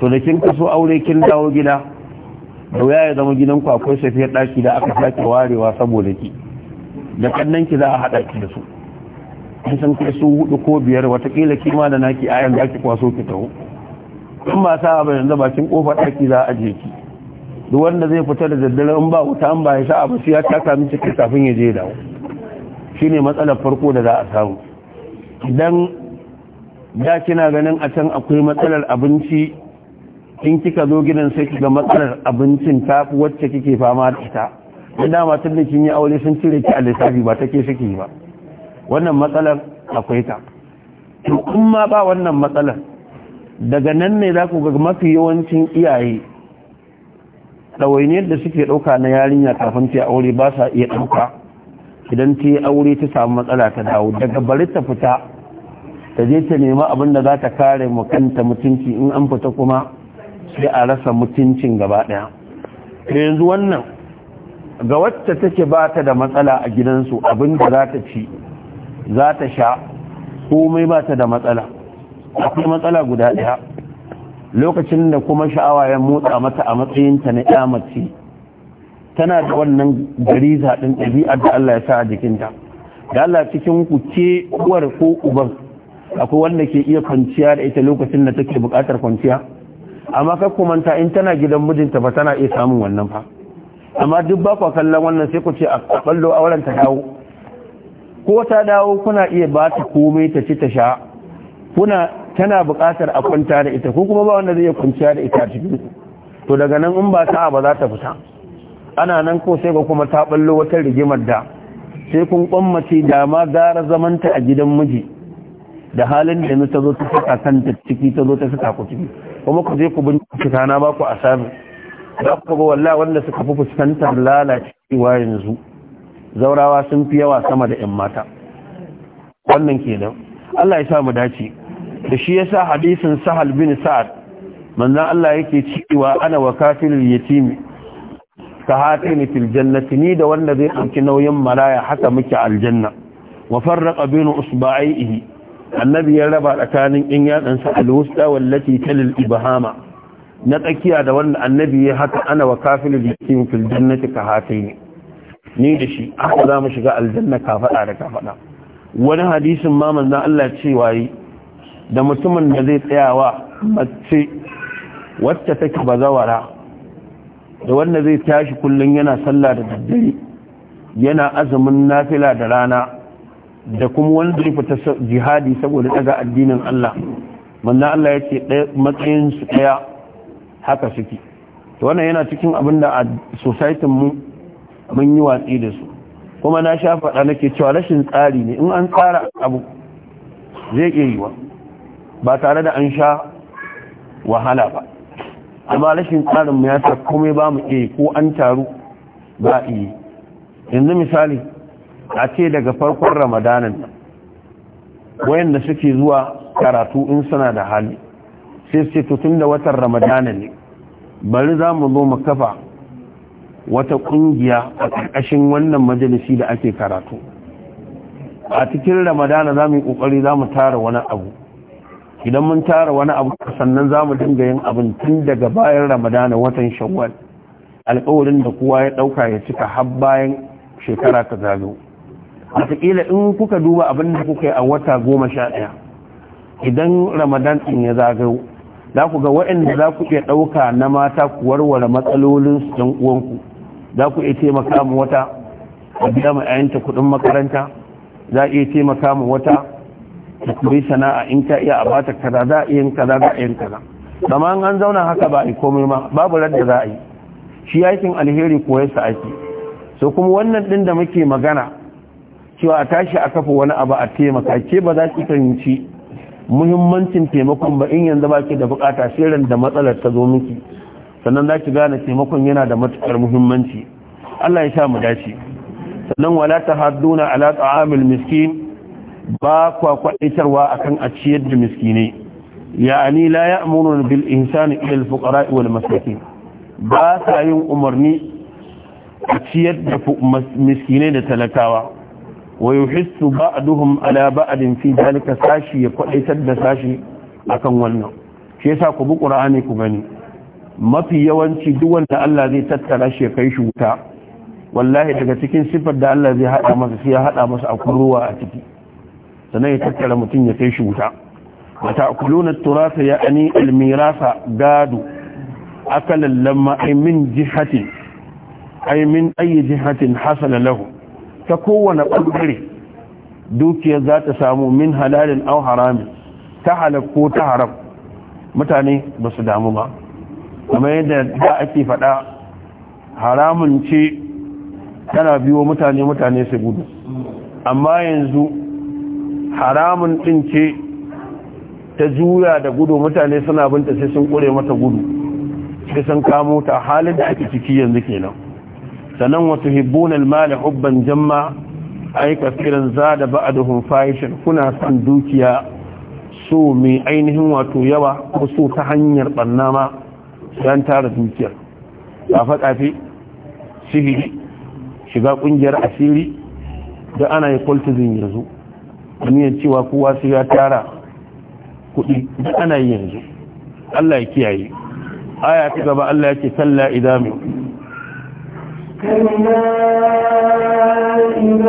to da kin kaso aure kin dawo gida da wuya ya zama gidanku akwai safiyar ɗaki da aka sake warewa saboda ki da kannan ki za a haɗa ki da su in san kai su hudu ko biyar watakila kima da naki ayan za ki kwaso ki taho in ba sa ba yanzu bakin kofar ɗaki za a je ki duk wanda zai fita da daddare in ba wuta in ba ya sa abu sai ya taka miki kafin ya je dawo shine matsalar farko da za a samu idan da kina ganin a can akwai matsalar abinci in kika zo gidan sai kiga matsalar abincin ta wacce kike fama da ita da dama tun da kin yi aure sun cire ki a lissafi ba take saki ba wannan matsalar akwai ta in ma ba wannan matsalar daga nan ne za ku ga mafi yawancin iyaye ɗawainiyar da suke ɗauka na yarinya kafin ta aure ba sa iya ɗauka idan ta yi aure ta samu matsala ta dawo daga bari ta fita ta je ta nemi abin da za ta kare mu kanta mutunci in an fita kuma sai a rasa mutuncin gaba ɗaya yanzu wannan ga wacce take ba ta da matsala a gidansu abin da za ta ci za ta sha komai ba ta da matsala akwai matsala guda ɗaya lokacin da kuma sha'awa ya motsa mata a matsayinta na mace tana da wannan gariza din ɗabi'ar da Allah ya sa a jikinta da Allah cikin ku ke uwar ko uban akwai wanda ke iya kwanciya da ita lokacin da take buƙatar kwanciya amma kai ku manta in tana gidan mijinta ba tana iya samun wannan fa amma duk ba ku kallon wannan sai ku ce a ballo auren ta dawo ko ta dawo kuna iya ba ta komai ta ci ta sha kuna tana buƙatar a kwanta da ita ko kuma ba wanda zai iya kwanciya da ita a cikin to daga nan in ba sa'a ba za ta fita ana nan ko sai ga kuma ta ballo wata rigimar da sai kun kwammace da ma gara zamanta a gidan miji da halin da yanzu ta zo ta saka kanta ciki ta zo ta saka ku ciki kuma ku je ku bincika na ba ku sami. za ku ga wallahi wanda suka fi fuskantar lalacewa yanzu zaurawa sun fi yawa sama da 'yan mata wannan kenan Allah ya sa mu dace da shi yasa hadisin sahal bin sa'ad manzon Allah yake cewa ana wakatilul yatimi ka hatini fil jannati ni da wanda zai ɗauki nauyin maraya haka muke aljanna wa farraqa bainu usba'ihi annabi ya raba tsakanin in yadansa alwusta wallati talil ibhama na tsakiya da wanda annabi ya haka ana wa kafilul yatim fil jannati ka hatini ni da shi aka za mu shiga aljanna ka faɗa da ka faɗa wani hadisin ma manzon Allah cewa yi da mutumin da zai tsayawa mace wacce take bazawara da wanda zai tashi kullum yana sallah da daddare yana azumin nafila da rana da kuma wanda zai fita jihadi saboda daga addinin Allah manna Allah ya ce matsayin su daya haka suke to wannan yana cikin abin da a society mu mun yi watsi da su kuma na sha faɗa nake cewa rashin tsari ne in an tsara abu zai iya yiwa ba tare da an sha wahala ba amma rashin tsarin mu ya sa komai ba mu iya ko an taru ba iya yanzu misali a ce daga farkon ramadanin wayanda suke zuwa karatu in suna da hali sai sai ce tun da watan ramadanin ne bari za mu zo mu kafa wata kungiya a ƙarƙashin wannan majalisi da ake karatu a cikin ramadana za mu yi ƙoƙari za mu tara wani abu idan mun tara wani abu sannan za mu dinga yin abin tun daga bayan ramadana watan shawwal Alƙawarin da kowa ya ɗauka ya cika har bayan shekara ta zalo wataƙila in kuka duba abin da kuka yi a wata goma sha ɗaya idan ramadan ɗin ya zagayo za ku ga waɗanda za ku iya ɗauka na mata ku warware matsalolin su don uwanku za ku iya taimaka mu wata a biya ma 'ya'yanta kuɗin makaranta za a iya taimaka mu wata ta sana'a in ka iya a bata kaza za a yin kaza za a yin kaza amma an zauna haka ba a komai ma babu radda za a yi shi aikin alheri koyar sa ake so kuma wannan din da muke magana cewa a tashi a kafa wani abu a taimaka ke ba za ki fahimci muhimmancin taimakon ba in yanzu ba ki da bukata sai ran da matsalar ta zo miki sannan za ki gane taimakon yana da matukar muhimmanci Allah ya sha mu dace sannan wala tahadduna ala ta'amil miskin ba kwa kwaitarwa akan a ciyar da ya ya'ani la ya'muruna bil insani ila al fuqara wal ba sa yin umarni a ciyar da miskini da talakawa wa yuhissu duhun ala ba'din fi dalika sashi ya kwaitar da sashi akan wannan shi yasa ku bi qur'ani ku gani mafi yawanci duk wanda Allah zai tattara shi kai shi wuta wallahi daga cikin sifar da Allah zai hada masa sai ya haɗa masa akwai ruwa a ciki sannan ya tattara mutum ya kai shi wuta wata akuluna turasa ya ani almirasa gado Aka lallama ay min jihatin ay min ayi jihatin hasala lahu ta kowane bangare dukiya za ta samu min halalin au haramin ta halal ko ta haram mutane ba su damu ba kamar yadda da ake faɗa haramun ce tana biyo mutane mutane su gudu amma yanzu haramun ɗin ce ta juya da gudu mutane suna binta sai sun ƙure mata gudu sai sun kamo ta halin da ake ciki yanzu kenan sannan wasu hibbun almali hubban jamma ai kafiran zada ba'aduhum fahishan kuna san dukiya so mai ainihin wato yawa ko so ta hanyar banna ma don tara dukiyar tsafe-tsafe shiga ƙungiyar asiri da ana yi kultizin yanzu aniyar cewa kowa su ya tara kudi duk ana yi yanzu Allah ya kiyaye aya ta gaba Allah ya ce salla idami kalla idami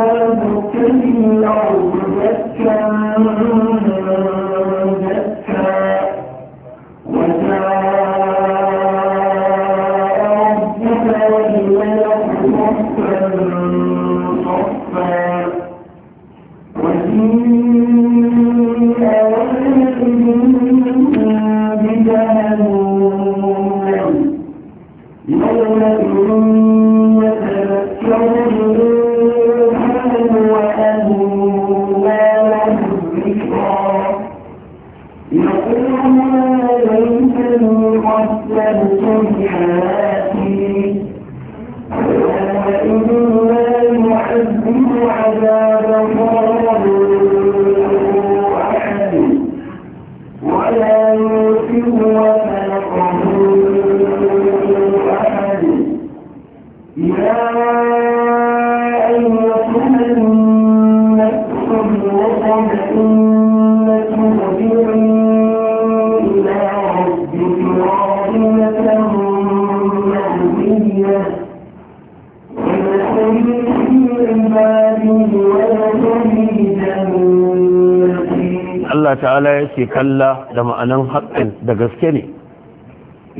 da ma'anan haƙƙin da gaske ne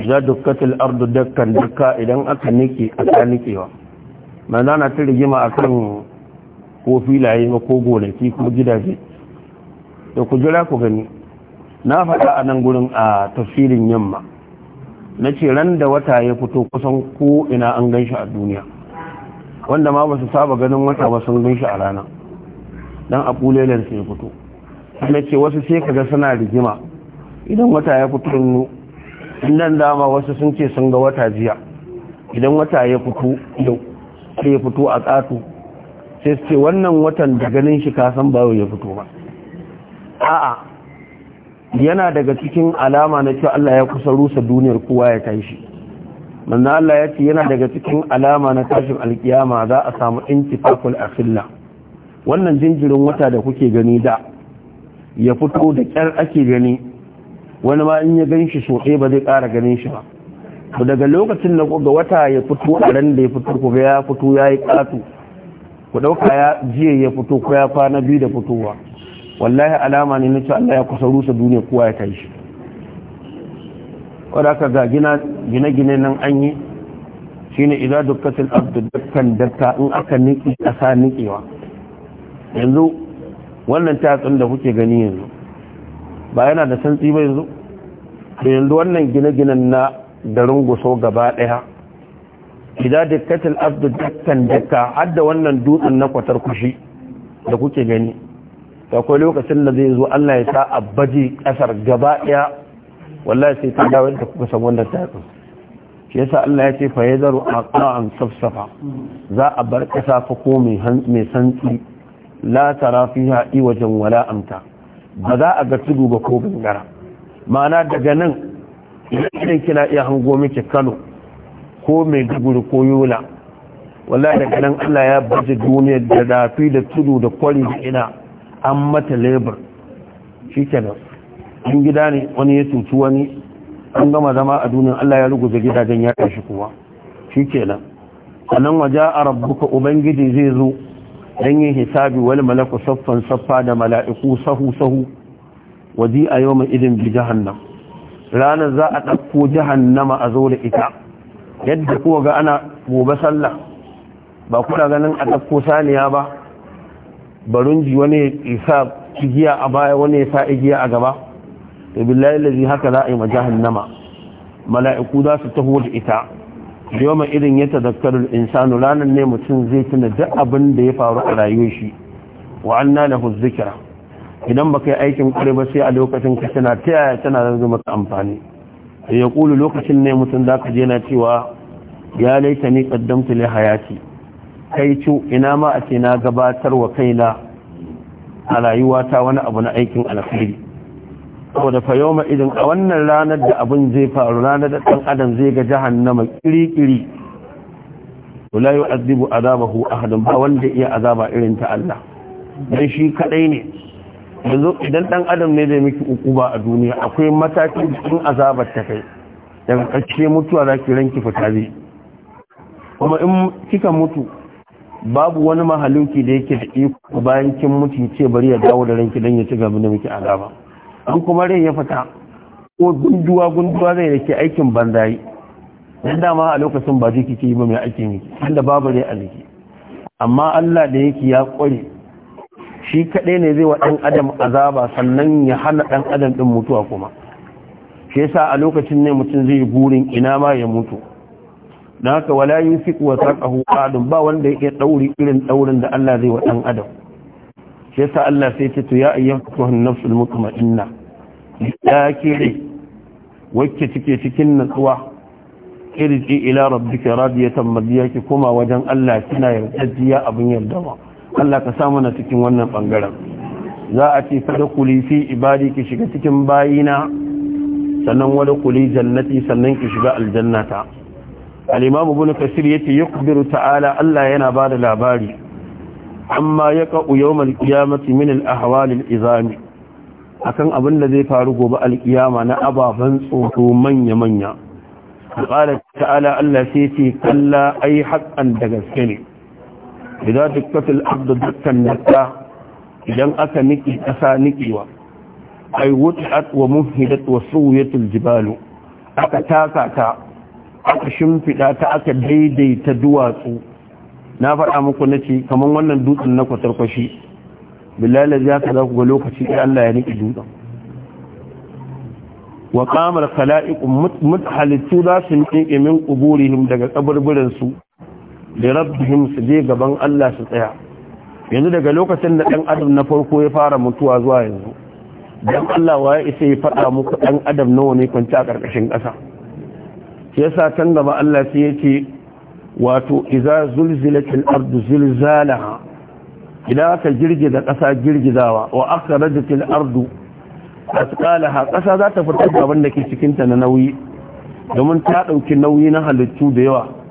za dukkatul ardu dukkan dukka idan aka nike aka nikewa manzo na ta rigima a kan ko filaye ko gonaki ko gidaje da ku jira ku gani na faɗa a nan gurin a tafsirin yamma na ce ran da wata ya fito kusan ko ina an gan shi a duniya wanda ma ba su saba ganin wata ba sun gan shi a rana don a ƙulelar sai fito na ce wasu sai kaga suna rigima idan wata ya fito nu inda dama wasu sun ce sun ga wata jiya idan wata ya fito yau sai ya fito a ƙato sai ce wannan watan da ganin shi kasan bawo ya fito ba a'a yana daga cikin alama na cewa Allah ya kusa rusa duniyar kowa ya tashi manna Allah ya ce yana daga cikin alama na tashin alkiyama za a samu intifakul akhilla wannan jinjirin wata da kuke gani da ya fito da kyar ake gani wani ma in ya gan shi ba zai kara ganin shi ba to daga lokacin da ga wata ya fito a ran da ya fito ko ya fito ya yi ƙato ku ɗauka ya jiya ya fito ko ya kwana biyu da fitowa wallahi alama ne na ce Allah ya kusa rusa duniya kowa ya tashi shi. aka ga gine-gine nan an yi shine idan dukkan abdu dukkan datta in aka niki ƙasa niƙewa yanzu wannan tatsun da kuke gani yanzu ba yana da santsi ba yanzu da yanzu wannan gine-ginen na garin guso gaba ɗaya idan dikkatil abdu dakkan dakka da wannan dutsen na kwatar kushi da kuke gani da akwai lokacin da zai zo Allah ya sa a baje kasar gaba ɗaya wallahi sai ta dawo da kuka san wannan tsarin shi yasa Allah ya ce fa a ƙa'an safsafa za a bar kasa fa ko mai santsi la tara fiha iwajan wala amta ba za a ga tudu ba ko bangara ma'ana daga nan idan kina iya hango miki kano ko mai duguri ko yola wallahi daga nan allah ya baje duniya da dafi da tudu da kwari da ina an mata lebur shi kenan in gida ne wani ya cuci wani an gama zama a duniya allah ya ruguza gidajen ya kashi kuma shi kenan sannan waje a rabbuka ubangiji zai zo don yin hisabi wani malaku saffan saffa da mala'iku sahu sahu waji a yau mai idin bi jihannan ranar za a ɗauko nama a zo da ita yadda kuwa ga ana gobe sallah ba kuna ganin a ɗakko saniya ba barunji wani isa igiya a baya wani ya igiya a gaba da billahi lalzi haka za a yi ma nama mala'iku za su taho da ita yau mai irin ya tazakkaru insanu ranar ne mutum zai tuna duk abin da ya faru a rayuwar shi wa'anna lahu zikira idan baka yi aikin kwari ba sai a lokacin ka tana ta yaya tana zanzu maka amfani sai eh, ya kulu lokacin ne mutum za ka je na cewa ya laita ni kaddamtu li hayati kai cu ina ma a ce na gabatar wa kaina a rayuwata wani abu na aikin alkhairi saboda fa yau idan a wannan ranar da abun zai faru ranar da ɗan adam zai ga jahannama kiri-kiri wala yu'adhibu azabahu ahadun ba wanda iya azaba irin ta Allah dan shi kadai ne yanzu idan dan adam ne zai miki ba a duniya akwai mataki cikin azabar ta kai daga ƙarshe mutuwa za ki ranki fita zai kuma in kika mutu babu wani mahalinki da yake da iko bayan kin mutu ce bari ya dawo da ranki dan ya ci gaba da miki azaba an kuma rai ya fita ko gunduwa gunduwa zai yake aikin banzayi dan dama a lokacin ba zai kike yi ba mai aikin yi tunda babu rai a jiki amma Allah da yake ya kware shi kaɗai ne zai wa ɗan adam azaba sannan ya hana ɗan adam ɗin mutuwa kuma shi yasa a lokacin ne mutum zai yi burin ina ma ya mutu Na haka wala yin kuwa wa sarƙahu ƙadun ba wanda ya ɗauri irin ɗaurin da Allah zai wa ɗan adam shi yasa Allah sai ce to ya ayyukan nafsul mutma'inna ya kire wacce cikin natsuwa irji ila rabbika radiyatan madiyaki kuma wajen Allah kina jiya abin yardawa Allah ka sa mana cikin wannan bangaren za a ce fada kuli ibadi ki shiga cikin bayina sannan wada kuli jannati sannan ki shiga aljannata Alimamu imam kasir ya ce yukbiru ta'ala Allah yana ba da labari amma ya yawm al-qiyamati min al-ahwal al-izami akan abin da zai faru gobe alkiyama na ababen tsoto manya-manya. Alƙalar ta'ala Allah sai ce kalla ai hakan da gaske ne, idza dukkatil ardu dukkan dakka idan aka niki kasa nikiwa ay wut'at wa muhidat wa suyatul jibalu aka taka ta aka shimfida ta aka daidaita duwatsu na faɗa muku na ce kaman wannan dutsen na kwatarkwashi billahi za ka za ku ga lokaci sai Allah ya niki dutsen wa qamar mutu halittu za su nike min quburihim daga kaburburan su da rabbihim su je gaban Allah su tsaya yanzu daga lokacin da ɗan adam na farko ya fara mutuwa zuwa yanzu Don Allah wa ya isa ya faɗa muku ɗan adam nawa ne kwanci a ƙarƙashin ƙasa sa can gaba Allah sai ya ce wato iza zulzilatil ardu zilzalaha idan aka girgiza ƙasa girgizawa wa aka rajatil ardu asqalaha ƙasa za ta fitar da da ke cikinta na nauyi domin ta ɗauki nauyi na halittu da yawa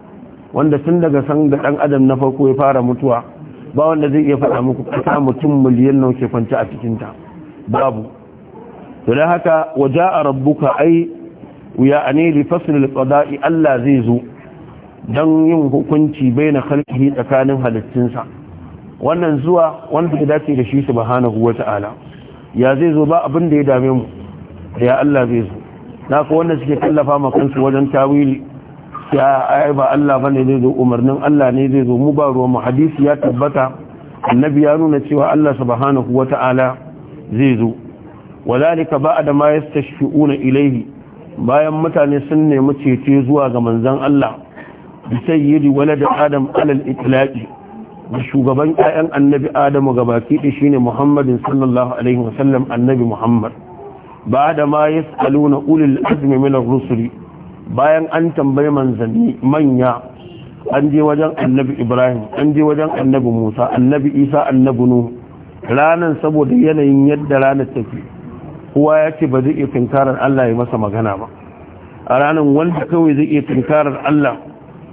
wanda tun daga san da ɗan adam na farko ya fara mutuwa ba wanda zai iya faɗa muku ƙasa mutum miliyan nan ke kwanci a cikinta babu to da haka waje a rabbuka ai wuya a ne al qada'i Allah zai zo don yin hukunci bai na khalqihi tsakanin halittunsa wannan zuwa wanda ya dace da shi subhanahu ta'ala ya zai zo ba abin da ya dame mu da ya Allah zai zo na ko wanda suke tallafa ma kansu wajen tawili ya ai ba Allah bane zai zo umarnin Allah ne zai zo mu ba ruwa mu hadisi ya tabbata annabi ya nuna cewa Allah subhanahu wata'ala zai zo wadalika ba'da ma yastashfi'una ilayhi bayan mutane sun nemi cece zuwa ga manzon Allah bi sayyidi walad adam alal itlaqi da shugaban ƴaƴan annabi Adamu gabaki da shine Muhammadin sallallahu alaihi wasallam annabi Muhammad ba da ma yas'aluna ulul azmi min ar-rusuli bayan an tambayi manzanni manya an je wajen annabi ibrahim an je wajen annabi musa annabi isa annabi nu ranar saboda yanayin yadda ranar tafi kowa ya ce ba zai iya tunkarar allah ya masa magana ba a ranar wanda kawai zai iya tinkarar allah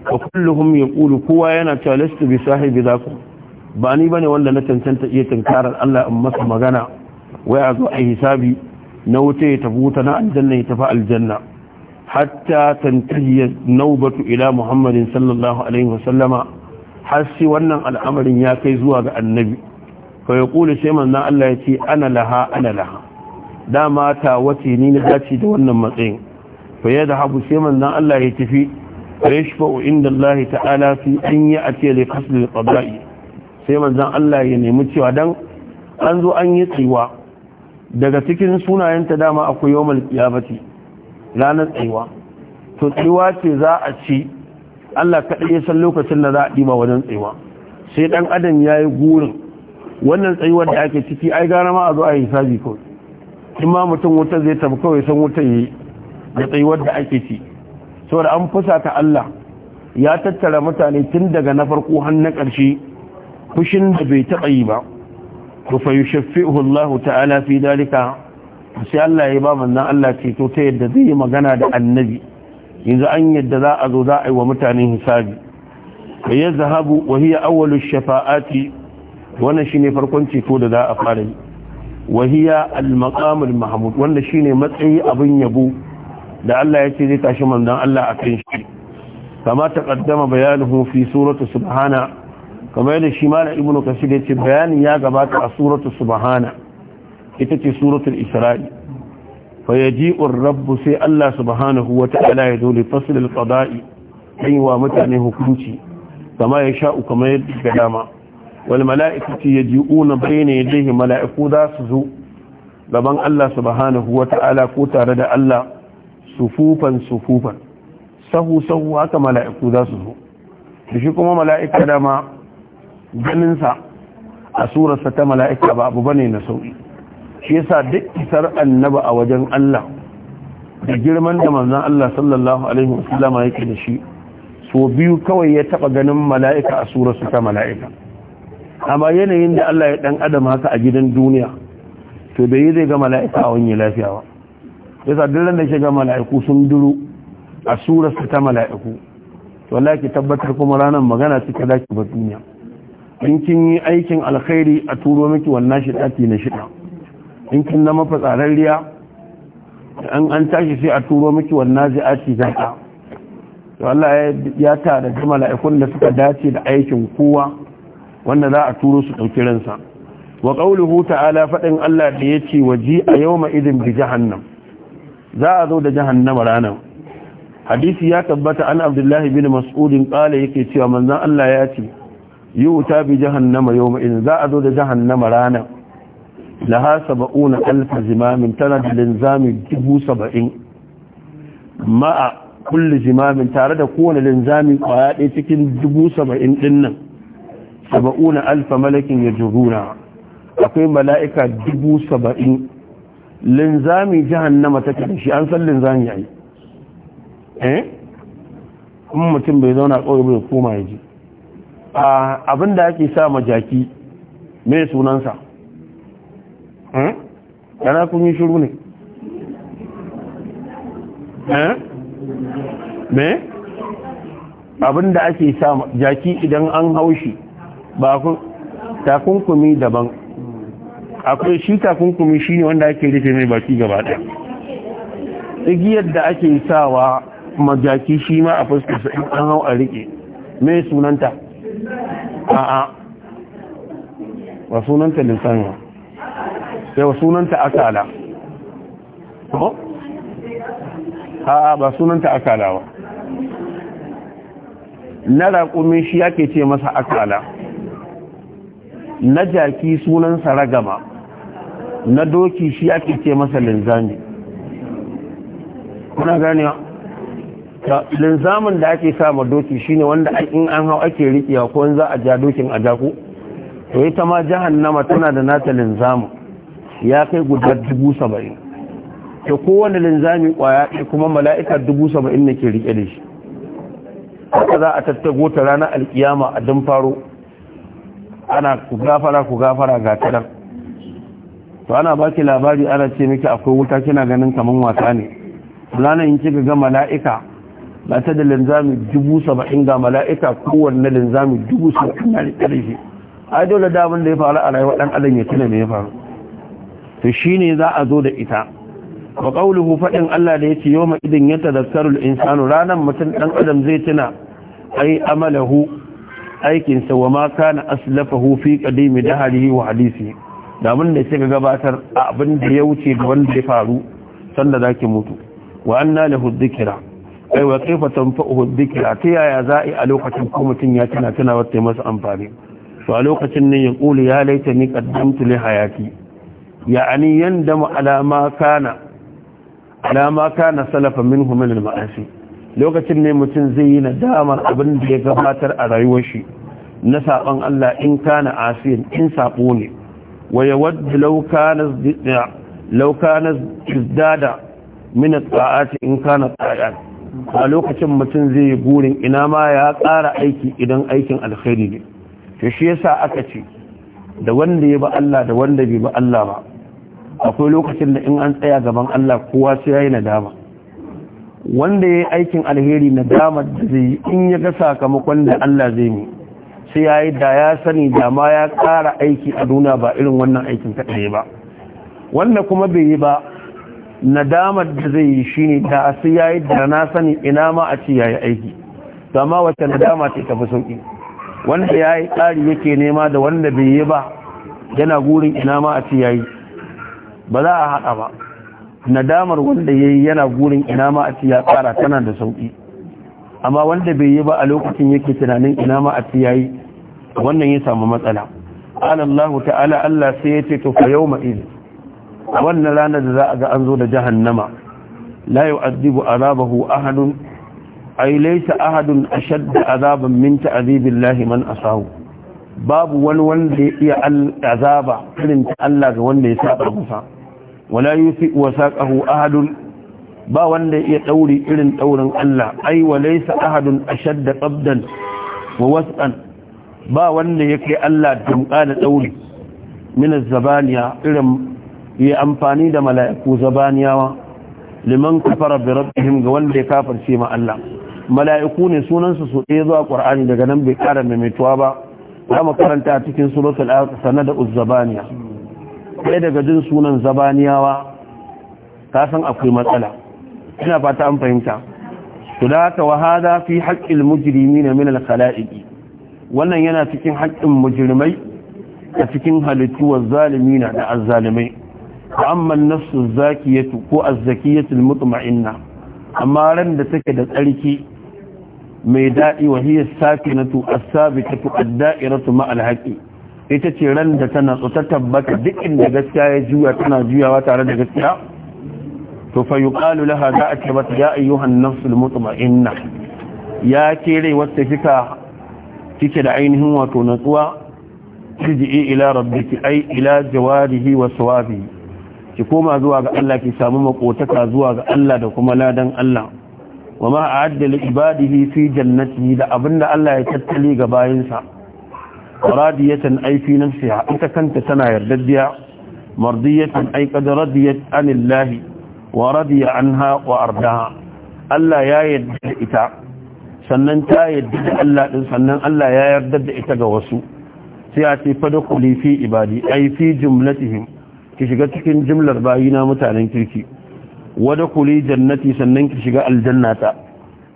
wa kullum ya Kulu kowa yana cewa to bi sahibi za ku ba ni ba ne wanda na cancanta iya tinkarar allah in masa magana wai a zo a hisabi na wuce ya tafi wuta na aljanna ya tafi aljanna hatta tantahiya naubatu ila muhammadin sallallahu alaihi har sai wannan al'amarin ya kai zuwa ga annabi fa ya kula sai manzon Allah ya ce ana laha ana laha dama ta wace ni na dace da wannan matsayin fa da zahabu sai manzon Allah ya tafi yashfa'u inda Allah ta'ala fi an ya'ti li qasl al-qada'i sai manzon Allah ya nemi cewa dan an zo an yi tsiwa daga cikin sunayenta dama akwai yawmal qiyamati ranar tsayuwa to tsayuwa ce za a ci Allah kaɗai ya san lokacin da za a ɗiba wajen tsayuwa sai ɗan adam ya yi gurin wannan tsayuwar da ake ciki ai gara ma a zo a yi hisabi ko in ma mutum wuta zai tafi kawai san wuta yi da tsayuwar da ake ci saboda an fusa ta Allah ya tattara mutane tun daga na farko har na ƙarshe kushin da bai taɓa yi ba ku fa yushaffihu Allah ta'ala fi dalika sai Allah ya ba manzon Allah ceto ta yadda zai yi magana da annabi yanzu an yadda za a zo za a yi wa mutanen hisabi fa ya zahabu wa hiya awwalu shafa'ati wannan shine farkon ceto da za a fara yi wa hiya al-maqam mahmud wannan shine matsayi abin yabo da Allah ya ce zai tashi manzon Allah a kan shi kama taqaddama bayanuhu fi suratu subhana kamar da shi malam ibnu kasir ya ce bayani ya gabata a suratu subhana ita ce suratul isra'i fa yaji'ur rabbu sai Allah subhanahu ta'ala ya zo li fasl al-qada'i dan wa mutane hukunci kama ya sha'u kama yadda dama wal mala'ikatu yaji'una bayna yadayhi mala'iku za su zo gaban Allah subhanahu wata'ala ko tare da Allah sufufan sufufan sahu sahu haka mala'iku za su zo shi kuma mala'ika dama ganinsa a surarsa ta mala'ika ba abu bane na sau'i shi yasa duk isar annaba a wajen Allah da girman da manzon Allah sallallahu alaihi wasallam yake da shi so biyu kawai ya taba ganin mala'ika a su ta mala'ika amma yanayin da Allah ya dan adam haka a gidan duniya to bai yi zai ga mala'ika a wani lafiya ba yasa duk da ke ga mala'iku sun duru a su ta mala'iku to Allah ki tabbatar kuma ranar magana cika zaki ba duniya in kin yi aikin alkhairi a turo miki wannan shi daki na shida in kin zama riya an an tashi sai a turo miki wannan zai'aci zaka to Allah ya ta da mala'ikun da suka dace da aikin kowa wanda za a turo su dauki ransa wa qawluhu ta'ala fadin Allah da yace waji a yawma idin bi jahannam za a zo da jahannam ranan hadisi ya tabbata an Abdullahi bin Mas'ud qala yake cewa manzon Allah ya ce ta bi jahannama yawma idin za a zo da jahannama ranan laha saba'una alfa zimamin tana da linzamin dubu saba'in ma'a kulli zimamin tare da kowane linzamin kwaya ɗaya cikin dubu saba'in ɗin nan saba'una alfa malakin ya jiruna akwai mala'ika dubu saba'in linzami jahannama take da shi an san linzami ya yi eh kuma mutum bai zauna kawai bai koma ya ji abin da ake sa majaki mai sunansa yana kun yi shuru ne me abinda ake sa jaki idan an haushi ba ku takunkumi daban akwai shi takunkumi shi ne wanda ake rufe mai baki gaba ɗaya igiyar da ake sawa majaki shi ma a fuskarsa in an hau a rike mai sunanta a'a ba sunanta lissanin yau sunanta akala ko? a'a ba sunanta akala ba na raƙumin shi yake ce masa akala na jaki sunansa ragama na doki shi yake ce masa linzami kuna gani linzamin da ake sama doki shine wanda in an hau ake riƙewa ko za a ja dokin a jaku to ta ma jahannama tana da nata linzamin ya kai guda dubu saba'in ta kowane linzami kwaya ɗaya kuma mala'ika dubu saba'in na ke riƙe da shi haka za a tattago ta ranar alkiyama a dan faro ana ku gafara ku gafara ga tarar to ana ba ki labari ana ce miki akwai wuta kina ganin kamar wasa ne ranar in kika ga mala'ika ba ta da linzami dubu saba'in ga mala'ika kowanne linzami dubu saba'in na riƙe da shi ai dole da da ya faru a rayuwa ɗan adam ya tuna me ya faru to shi ne za a zo da ita wa qawluhu faɗin Allah da yace yawma idin yatadakkaru al-insanu ranar mutum ɗan adam zai tuna ai amalahu na sa wa ma kana aslafahu fi qadimi dahrihi wa hadisi da mun da kika gabatar a abin da ya wuce da wanda ya faru sanda zaki mutu wa anna lahu dhikra Kai wa kaifa tanfa'uhu dhikra ta yaya za'i a lokacin ko mutum ya tuna tuna wata masa amfani to a lokacin ne ya kula ya laita ni qaddamtu li hayati ya'ani yandamu ala ma kana ala salafa min al-ma'asi lokacin ne mutum zai yi nadamar abin da ya gabatar a rayuwar shi na saban Allah in kana asiyin in sabo ne Waya yawaddu law kana law kana izdada min taati in kana ta'ian a lokacin mutum zai yi burin ina ma ya ƙara aiki idan aikin alkhairi ne to shi yasa aka ce da wanda ya ba Allah da wanda bai ba Allah ba akwai lokacin da in an tsaya gaban Allah kowa sai yayi nadama wanda yayi aikin alheri nadama da zai yi in ya ga sakamakon da Allah zai yi sai yayi da ya sani da ma ya ƙara aiki a duniya ba irin wannan aikin dai ba wanda kuma bai yi ba nadamar da zai yi shine da sai yayi da na sani ina ma a ci yayi aiki amma wata nadama ce ta fi sauki wanda yayi ƙari yake nema da wanda bai yi ba yana gurin ina ma a ci yayi ba za a haɗa ba nadamar wanda ya yi yana gurin ina ma a ya ƙara tana da sauƙi amma wanda bai yi ba a lokacin yake tunanin ina ma a ya yi wannan ya samu matsala alallahu ta'ala Allah sai ya ce to fa yau wannan ranar da za a ga an zo da jahannama la Azibu azabahu ahadun ay laysa ahadun ashadd azaban min ta'dhibillahi man asahu babu wani wanda ya iya azaba irin ta Allah ga wanda ya saba masa wala yusi wasaqahu ahadun ba wanda ya dauri irin daurin Allah ai walaysa ahadun ashadda qabdan wa wasqan ba wanda kai Allah dumka da dauri min zabaniya irin ya amfani da mala'iku zabaniyawa liman kafara bi rabbihim ga wanda ya kafirce ma Allah mala'iku ne sunansu su ɗaya zuwa ƙur'ani daga nan bai ƙara maimaituwa ba za mu karanta cikin suratul al-sanada uzzabaniya ɗaya daga jin sunan zabaniyawa ta san akwai matsala ina fata an fahimta to da haka wahada fi haƙƙin mujrimi na minal khala'iqi wannan yana cikin haƙƙin mujirimai a cikin halittu wa zalimina da azzalimai wa amma an zakiyatu ko az-zakiyatu al amma ran da take da tsarki mai daɗi wa hiya sakinatu as-sabitatu ad-da'iratu ma al ita ce ran da tana ta tabbata duk inda gaskiya ya juya tana juyawa tare da gaskiya to fa yuqalu laha za a ce mata ya ayyuhan nafsul mutma'inna ya ke rai wata kika kike da ainihin wato natsuwa tiji'i ila rabbiki ai ila jawarihi wa sawabi ki koma zuwa ga Allah ki samu makotaka zuwa ga Allah da kuma ladan Allah wa ma a'adda ibadihi fi jannati da abinda Allah ya tattali ga bayinsa radiyatan ai fi nafsiha ita kanta tana yardaddiya mardiyatan ai qad radiyat anillahi wa radiya anha wa ardaha Allah ya yarda ita sannan ta yarda da Allah din sannan Allah ya yarda da ita ga wasu sai a ce kuli fi ibadi ai fi jumlatihim ki shiga cikin jumlar bayina mutanen kirki wada kuli jannati sannan ki shiga aljannata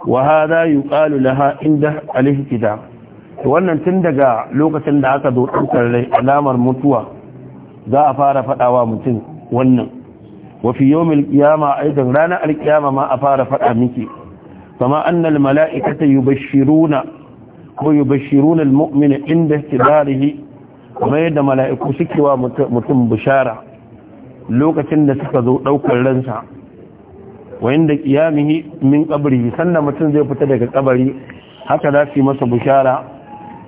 wa hada yuqalu laha inda alihkita to wannan tun daga lokacin da aka zo ɗaukar rai alamar mutuwa za a fara faɗawa mutum wannan wafi yau mil kiyama aidan ranar alkiyama ma a fara faɗa miki kama annal mala'ikata yubashiruna ko yubashiruna almu'mina inda kidarihi kuma yadda mala'iku suke wa mutum bishara lokacin da suka zo ɗaukar ransa wayan da min kabari sannan mutum zai fita daga kabari haka za su yi masa bishara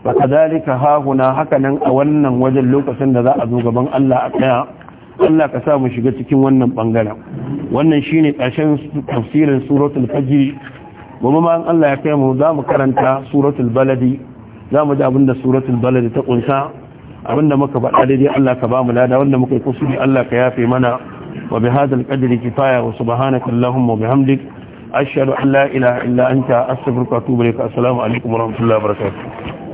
baka zalika hahuna huna hakanan a wannan wajen lokacin da za a zo gaban Allah a tsaya Allah ka sa mu shiga cikin wannan bangaren wannan shine ƙarshen tafsirin suratul fajr gobe ma Allah ya kai mu za mu karanta suratul baladi za mu ji abinda suratul baladi ta kunsa abinda muka faɗa daidai Allah ka bamu lada wanda muka yi kusuri Allah ka yafe mana wa bi qadri kifaya wa subhanaka allahumma wa bihamdik ashhadu an la ilaha illa anta astaghfiruka wa atubu ilaik assalamu alaikum wa rahmatullahi wa barakatuh